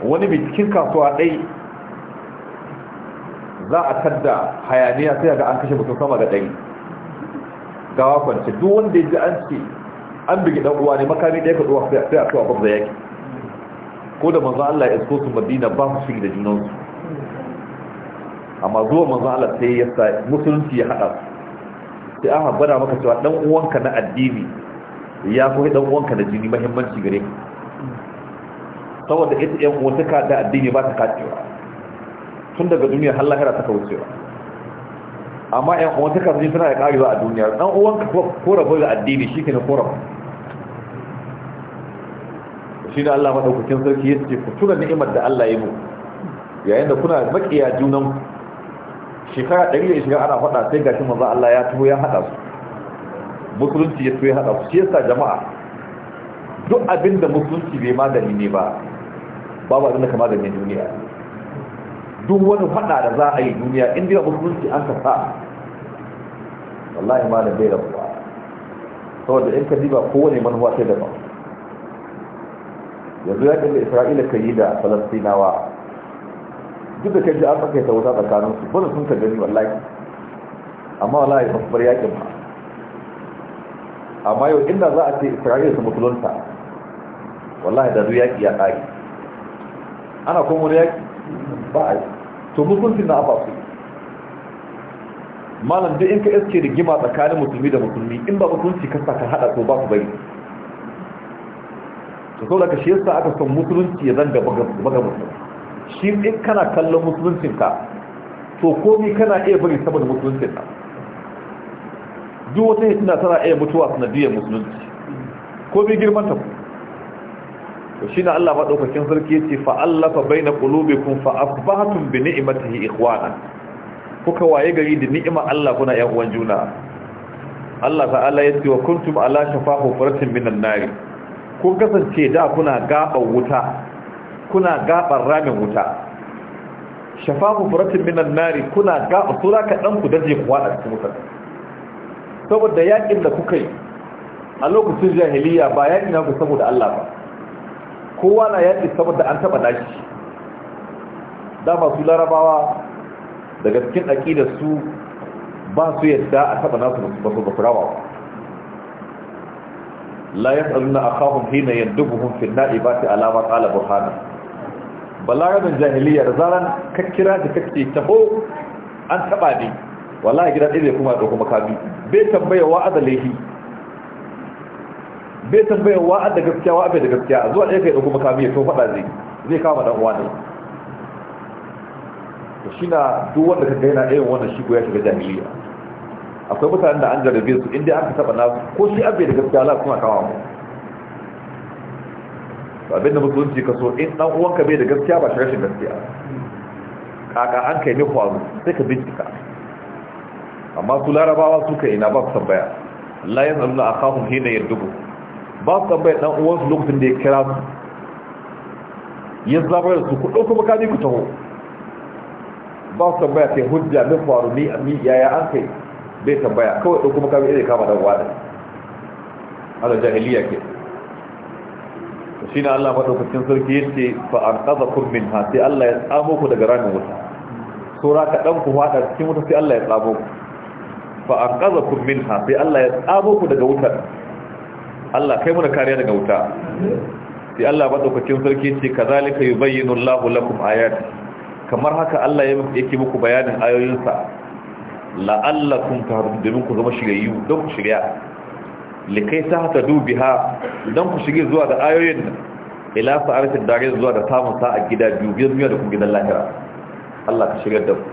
wani bi cikin kasuwa dai za a tadda hayaniya sai ga an kashe mutum sama da ɗari gawa kwanci duk wanda ya an ce an bigi ɗan uwa ne makami ɗaya ka ɗuwa sai a ba babba yaki ko da manzan Allah ya isko su madina ba su shiga da junansu amma zuwa manzan Allah sai ya sa musulunci ya haɗa sai an habbana maka cewa ɗan uwanka na addini ya fi ɗan uwanka na jini mahimmanci gare ka saboda ita ‘yan uwa ta da addini ba ta kacewa tun daga duniya har lahira ta cewa amma yan uwan ta kafin suna da karewa a duniya Ɗan uwan ka ko rabo addini shi ke na rabo shi da Allah maɗaukacin sarki ya ce ku tuna ni'imar da Allah ya mu yayin da kuna makiya junan shekara ɗari da shiga ana faɗa sai gashi maza Allah ya tuho ya haɗa su musulunci ya tuho ya haɗa su shi yasa jama'a duk abinda musulunci bai magani ne ba babu abin da kama da duniya duk wani fada da za a yi duniya in dai musulunci an ka sa wallahi ma da bai rabuwa saboda in ka diba kowane manuwa sai daban yanzu ya kalli isra'ila ka yi da falastinawa duk da kai an ta wuta tsakaninsu bane sun ka gani wallahi amma wallahi ba su bar yakin ba amma yau inda za a ce isra'ila su musulunta wallahi da zuwa yaki ya ƙari ana kuma wani yaki ba a yi to musulunci na afa su malam duk in ka iske gima tsakanin musulmi da musulmi in ba musulunci ka saka hada to ba ku bari to sau daga ka shi yasa aka son musulunci ya zanga baga musulunci shi in kana kallon musuluncinka to komi kana iya bari saboda musuluncinka duk wata suna tana iya mutuwa sanadiyar musulunci komi girman ta to shine Allah maɗaukacin sarki ya ce fa bai na ƙulube fa asbahatum bi yi ikwana kuka waye gari da ni'ima Allah kuna ƴan uwan juna Allah ta'ala ce wa kuntum ala shafa hufratin minan Nari. kun kasance da kuna gaban wuta kuna gaban ramin wuta shafafu furatin minan nari kuna gaɓar tura ka ɗan ku daje kuwa a cikin wutar saboda yaƙin da kuka yi a lokacin jahiliya ba yaƙin ku saboda Allah ba kowa na yaƙi saboda an taɓa nashi da masu larabawa daga cikin aƙidar su ba su yadda a taɓa nasu ba su basurawa ba la a kawun na akahun hina yadda buhun finna ibati alama ƙala burhana balarabin jahiliya da zaran kakkira da kacce taho an taɓa ne wallahi gidan ɗaya kuma da kuma kami bai tambaya wa adalehi bai tambayar wa da gaskiya wa bai da gaskiya zuwa ɗaya kai ɗauko makami ya to faɗa zai zai kama ɗan uwa ne to shi na duk wanda ka gaina ɗayan wannan shi ko ya shiga jahiliya akwai mutanen da an jarabe su inda aka taɓa na ko shi abin da gaskiya la kuma kama mu abin da musulunci ka so in ɗan uwanka bai da gaskiya ba shi rashin gaskiya kaka an kai ne kwazo sai ka bincika amma su larabawa suka ina ba su tambaya la yanzu Allah akahum hina yardubu ba su tambayar dan uwansu lokacin da ya kira su ya zabar da su ku ɗauka kaji ku taho ba su tambaya kai hujja min faru ni mi yaya an kai bai tambaya kawai ɗauka kaji irin kama dan wada ala jahiliya ke shi na Allah maɗaukacin sarki ya ce fa an kaza kun min ha sai Allah ya tsamo ku daga ramin wuta ka ɗan ku haɗa cikin wuta sai Allah ya tsamo ku fa an kaza kun min ha sai Allah ya tsamo ku daga wutar Allah kai muna kariya daga wuta sai Allah madaukakin sarki ce kazalika yubayyinu Allahu lakum ayati kamar haka Allah yake muku bayanin ayoyinsa la'allakum tahdun domin ku zama shigayyu don ku shiga likai ta hata dubiha don ku shige zuwa da ayoyin nan ila sa'aratin dare zuwa da samun sa a gida biyu biyu da kuma gidan lahira Allah ka shigar da mu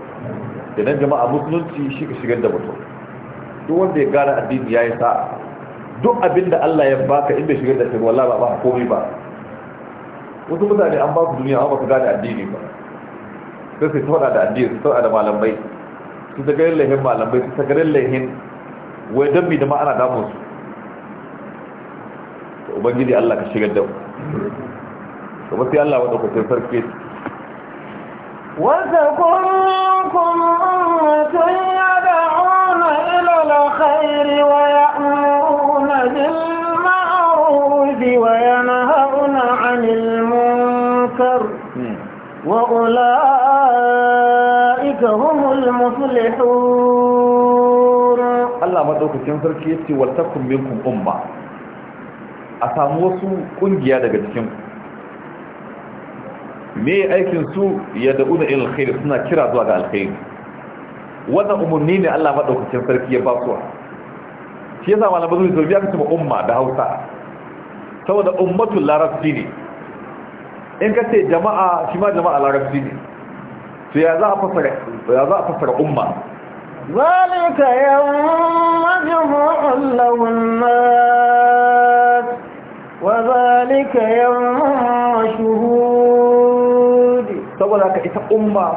idan jama'a musulunci shi ka shigar da mutum duk wanda ya gara addini yayi sa'a duk abin da Allah ya baka in bai shigar da kai wallahi ba ba komai ba wasu mutane an ba su duniya ba su gane addini ba sai su tsada da addini su tsada da malamai su ta garin lahin malamai su ta garin lahin wai dan bi da ma'ana ana damun su ubangiji Allah ka shigar da mu kuma sai Allah wanda ku sarki wa zakum kuntum أولئك هم المفلحون الله ما دوك سركي يتي ولتكن منكم أمة أساموسوا كنجيا دقا تكنكم me aikin su ya da'una ilal suna kira zuwa ga alkhairi wannan umurni ne Allah madaukakin sarki ya ba su shi yasa malamin zuwa biya umma da Hausa saboda ummatul larabci ne in ka ce jama'a shi ma jama'a larabci ne to ya za a fasara umma ذلك يوم مجموع له الناس وذلك يوم مشهود saboda ka ita umma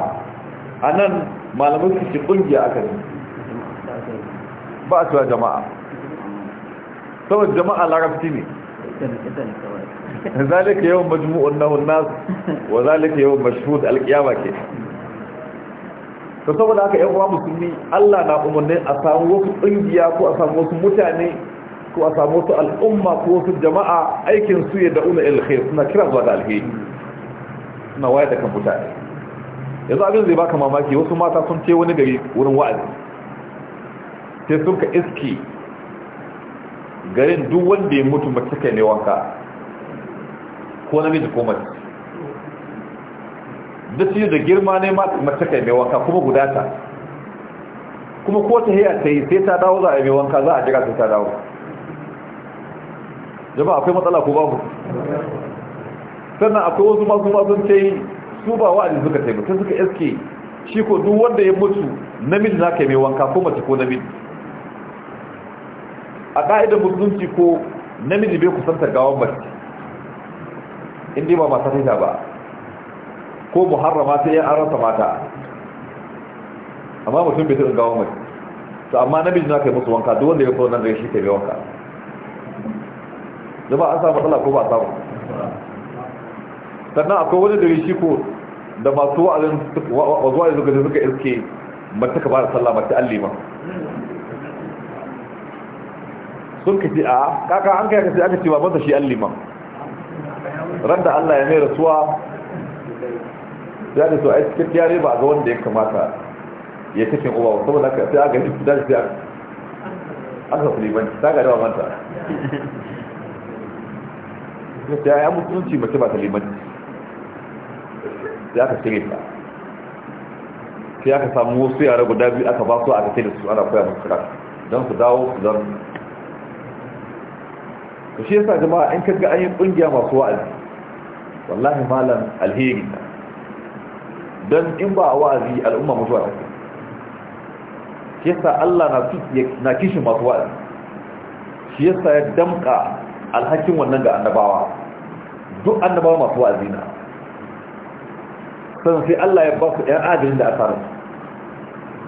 a nan malamin su ce kungiya aka ne ba a jama'a saboda jama'a larabci ne zalika yawan majmu'un nahun nas wa zalika yawan mashhud alqiyama ke to saboda haka ƴan uwa musulmi Allah na umarni a samu wasu ƙungiya ko a samu wasu mutane ko a samu wasu al'umma ko wasu jama'a aikin su ya da'una alkhair suna kira zuwa da alheri suna waya da kan mutane yanzu abin zai baka mamaki wasu mata sun ce wani gari wurin wa'azi sai sun ka iski garin duk wanda ya mutu mace kai ne wanka ko namiji ko mace duk da girma ne mace kai mai wanka kuma gudata. kuma ko ta hiyar ta yi sai ta dawo za a yi mai wanka za a jira sai ta dawo jama'a akwai matsala ko babu sannan akwai wasu masu masu ta yi su ba wa'adi suka taimaka suka iske shi ko duk wanda ya mutu namiji na kai mai wanka ko mace ko namiji a ka'idar musulunci ko namiji bai kusantar gawan mace in ba mata ta ba ko muharrama sai ya aranta mata amma mutum bai taɓa gawa mai to amma namiji na kai musu wanka duk wanda ya fi wannan da shi kai mai wanka ba an samu matsala ko ba samu sannan akwai wani dare shi ko da masu wa'azin wazuwa da suka zuka iske mata ka ba da sallah mata allima sun kaci a kaka an kai ka sai aka ce ba mata shi allima ran da Allah ya mai rasuwa ya da so a cikin yare ba ga wanda ya kamata ya cikin uba ba saboda ka sai aka yi fita sai aka aka fuliban ta ga dawa manta ya yi mutunci mace ba ta limanci sai aka shirya ta sai aka samu wasu yara guda biyu aka ba su aka ce da su ana koya musu kira don su dawo su don ka shi yasa jama'a in kaga an yi kungiya masu wa'azi wallahi malam alheri don in ba a wa'azi al'umma mutuwa ta shi yasa Allah na kishin masu wa'azi shi yasa ya damka alhakin wannan ga annabawa duk annabawa masu wa'azi na sannan sai Allah ya ba su ɗan adalin da asarar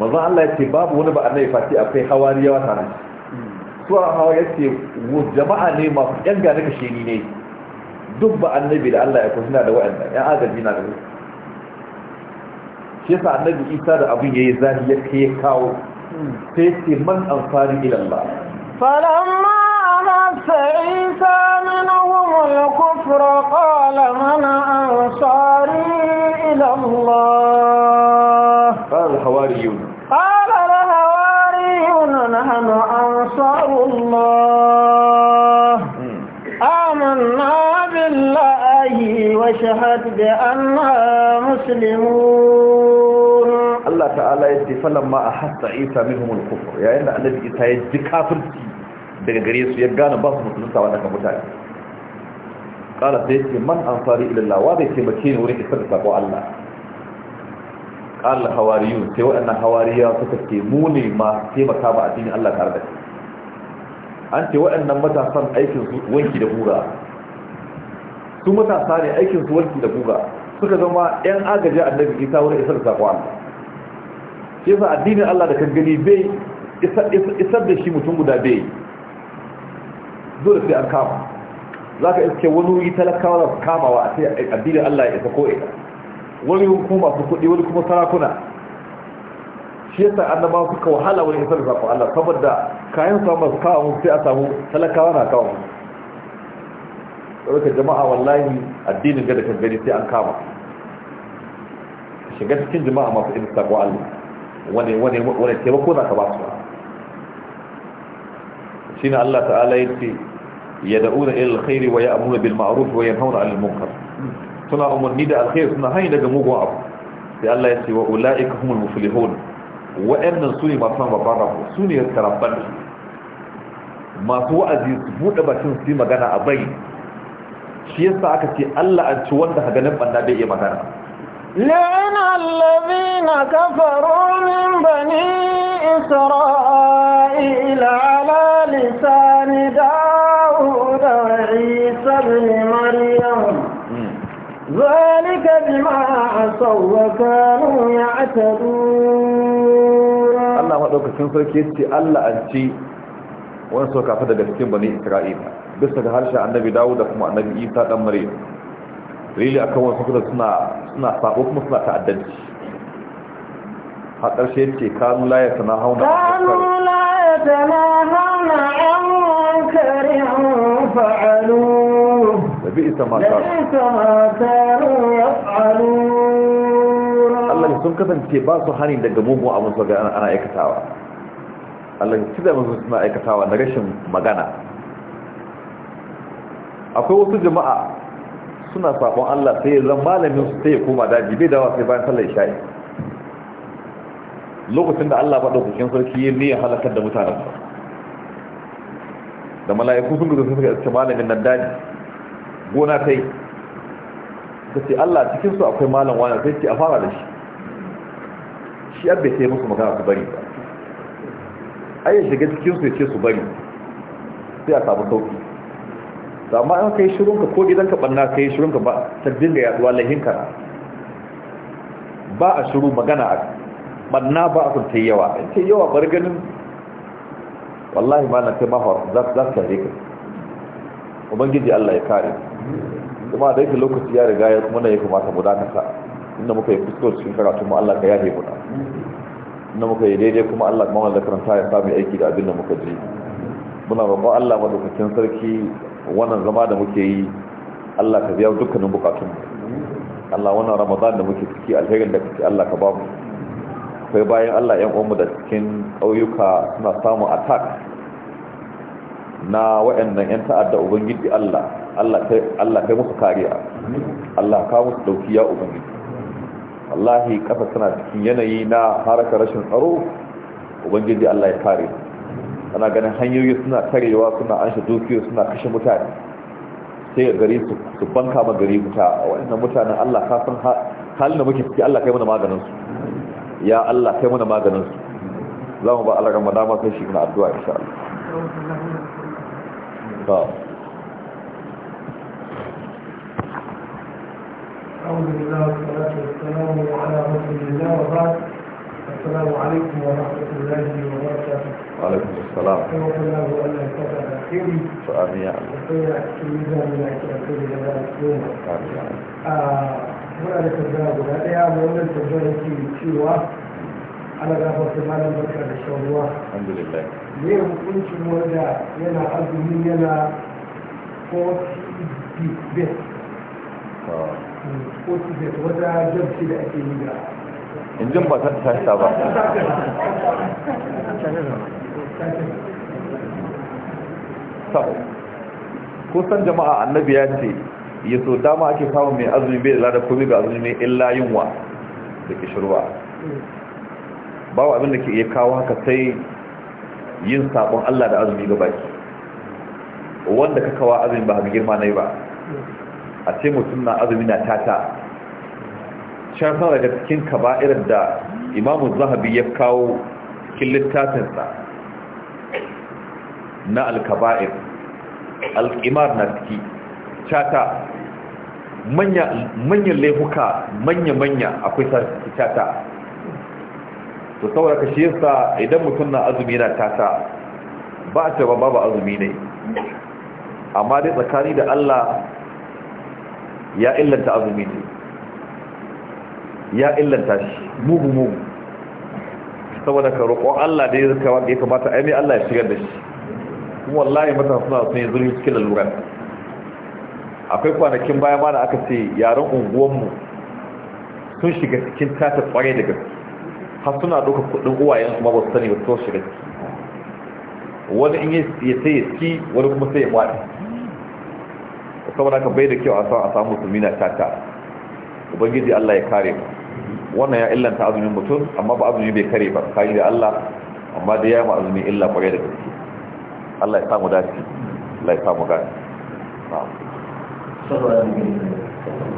mazan Allah ya ce babu wani ba annai fati akwai hawariyawa tare su Suwa hawa ya ce jama'a ne masu ƴan gane kashe ni ne dubba annabi da Allah ya kusa da wa'anda ya agaji na da shi sa annabi isa da abin yayi zahi ya kai kawo sai ce man amfani ila Allah falamma anasa isa minhum al kufra qala man ansari ila Allah qala hawariyun qala hawariyun nahnu ansaru Allah وشهد بأنها مسلمون الله تعالى يدي فلما أحس عيسى منهم الكفر يعني أن الذي إيسى كافر daga gare su ya gane ba su musulunta waɗannan mutane ƙala ta yake man amfani ilallawa bai taimake ni wurin isar da sako Allah ƙala hawariyun sai waɗannan hawariya suka ce mu ne ma taimaka ba addinin Allah tare da shi an ce waɗannan matasan aikin wanki da hura su matasa ne aikin su warki da guga suka zama yan agaji annabi isa wurin isar da sakon Allah shi yasa addinin Allah da kan bai isar da shi mutum guda bai da sai an kama za ka iske wani wuri talakawa da kamawa a sai addinin Allah ya isa ko wani hukuma masu kuɗi wani kuma sarakuna shi yasa annaba suka wahala wani isar da sakon Allah saboda kayan samun kawo sai a samu talakawa na kawo ɗauka jama'a wallahi addinin ga da kan gani sai an kama shiga cikin jama'a masu irin sako Allah wane wane wane taimako za ka ba su shi ne Allah ta'ala ya ce ya da'una ilal khairi wa ya'muna bil ma'ruf wa yanhauna 'anil munkar suna umarni da alkhairi suna hanyar daga mugun abu sai Allah ya ce wa ula'ika humul muflihun wa'annan su ne masu babban rabu su ne karabban masu wa'azi su buɗe bakin su yi magana a bai shi yasa aka ce Allah an ci wanda haganin banda bai iya magana لعن الذين كفروا من بني إسرائيل على لسان داود وعيسى بن مريم ذلك بما عصوا وكانوا يعتدون الله ما دوك سنفر كيسي الله أنتي wani so kafa daga cikin bani isra'ila bisa ga harshe annabi dawo da kuma annabi isa dan mare rili a kan wasu kuda suna sabo kuma suna ta'addanci a ƙarshe ce kanu laye ya sana hauna an isa Allah sun kasance ba su hani daga mugun abin su ga ana aikatawa Allah ya ci da suna aikatawa na rashin magana akwai wasu jama'a suna sabon Allah sai zan malamin su sai ya koma daji bai dawa sai bayan sallar isha'i lokacin da Allah faɗa cikin sarki ya niyyar halakar da mutanen sa da mala'iku sun gudu suka ce malamin nan daji gona ta yi ta ce Allah cikin su akwai malam wani sai ce a fara da shi shi abbe sai musu magana su bari ba ai ya shiga cikin su ya ce su bari sai a samu sauki to amma an kai ka ko gidanka banna kai ka ba ta dinga yaduwa ka ba a shiru magana a banna ba a sun ta yawa in ta yawa bar ganin wallahi ma na taimaka za su tare ka ubangiji Allah ya kare kuma da yake lokaci ya riga ya kuma na ya kamata mu dakata inda muka yi fuskar cikin karatu mu Allah ka yahe mu na muka yi daidai kuma Allah kuma wanda karanta ya sami aiki da abin da muka ji muna roƙo Allah madaukakin sarki wannan zama da muke yi Allah ka biya dukkanin bukatun Allah wannan Ramadan da muke ciki alherin da kake Allah ka ba mu bayan Allah yan uwanmu da cikin ƙauyuka suna samun attack na waɗannan ƴan ta'adda ubangiji Allah Allah kai Allah kai musu kariya Allah ka musu dauki ya ubangiji wallahi kafa tana cikin yanayi na haraka rashin tsaro ubangiji Allah ya kare ana ganin hanyoyi suna tarewa suna anshe dukiyo suna kashe mutane sai ga gari su banka ma gari A wannan mutanen Allah ka san halin da muke ciki Allah kai mana maganin su ya Allah kai mana maganin su za ba Allah ga madama sai shi na addu'a insha Allah أعوذ بالله والصلاة والسلام على رسول الله وبعد السلام عليكم ورحمة الله وبركاته. وعليكم السلام. حياك الله وأن يتبع خيري. فآمين آه، يا الله. وفي ميزان من اعترافه لنا اليوم. آمين يا الله. هنا نتبع بداية وأنا نتبع في سيوة على باب سمانة بركة إن شاء الله. الحمد لله. ليه كنت مولدة ينا أزمي ينا 40 بيت. ko su da da ake yi in jin ba ta ta ba kusan jama'a annabi ya ce ya so dama ake kawo mai azumi bai da komi ga azumi ne illa yunwa da kishirwa Ba abin da ke iya kawo haka sai yin sabon Allah da azumi ga baki wanda ka kawo azumi ba haka girma na yi ba a ce mutum na azumi na tata shan sa daga cikin irin da imamu zahabi ya kawo cikin littafinsa na alkaba'ir alkimar na ciki tata manyan laifuka manya-manya akwai tata to saboda ka shi yasa idan mutum na azumi na tata ba a ce ba babu azumi ne amma dai tsakani da Allah ya illanta azumi ne ya illanta shi mugu mugu saboda ka roƙo Allah da ya zaka wanda ya kamata ai mai Allah ya shigar da shi kuma wallahi mata suna sun yi zurfi cikin lalura akwai kwanakin baya ma da aka ce yaren unguwanmu sun shiga cikin tata kwarai da gaske har suna ɗaukar kuɗin uwayen su ma ba su sani ba su shiga ciki wani in ya sai ya ski wani kuma sai ya kwaɗi saboda ka bai da kyau a samu musulmi na tata ubangiji Allah ya kare mu wannan ya illanta azumin mutum amma ba azumi bai kare ba kai da Allah amma da ya ma azumi illa kware da gaske Allah ya samu dace Allah ya samu gani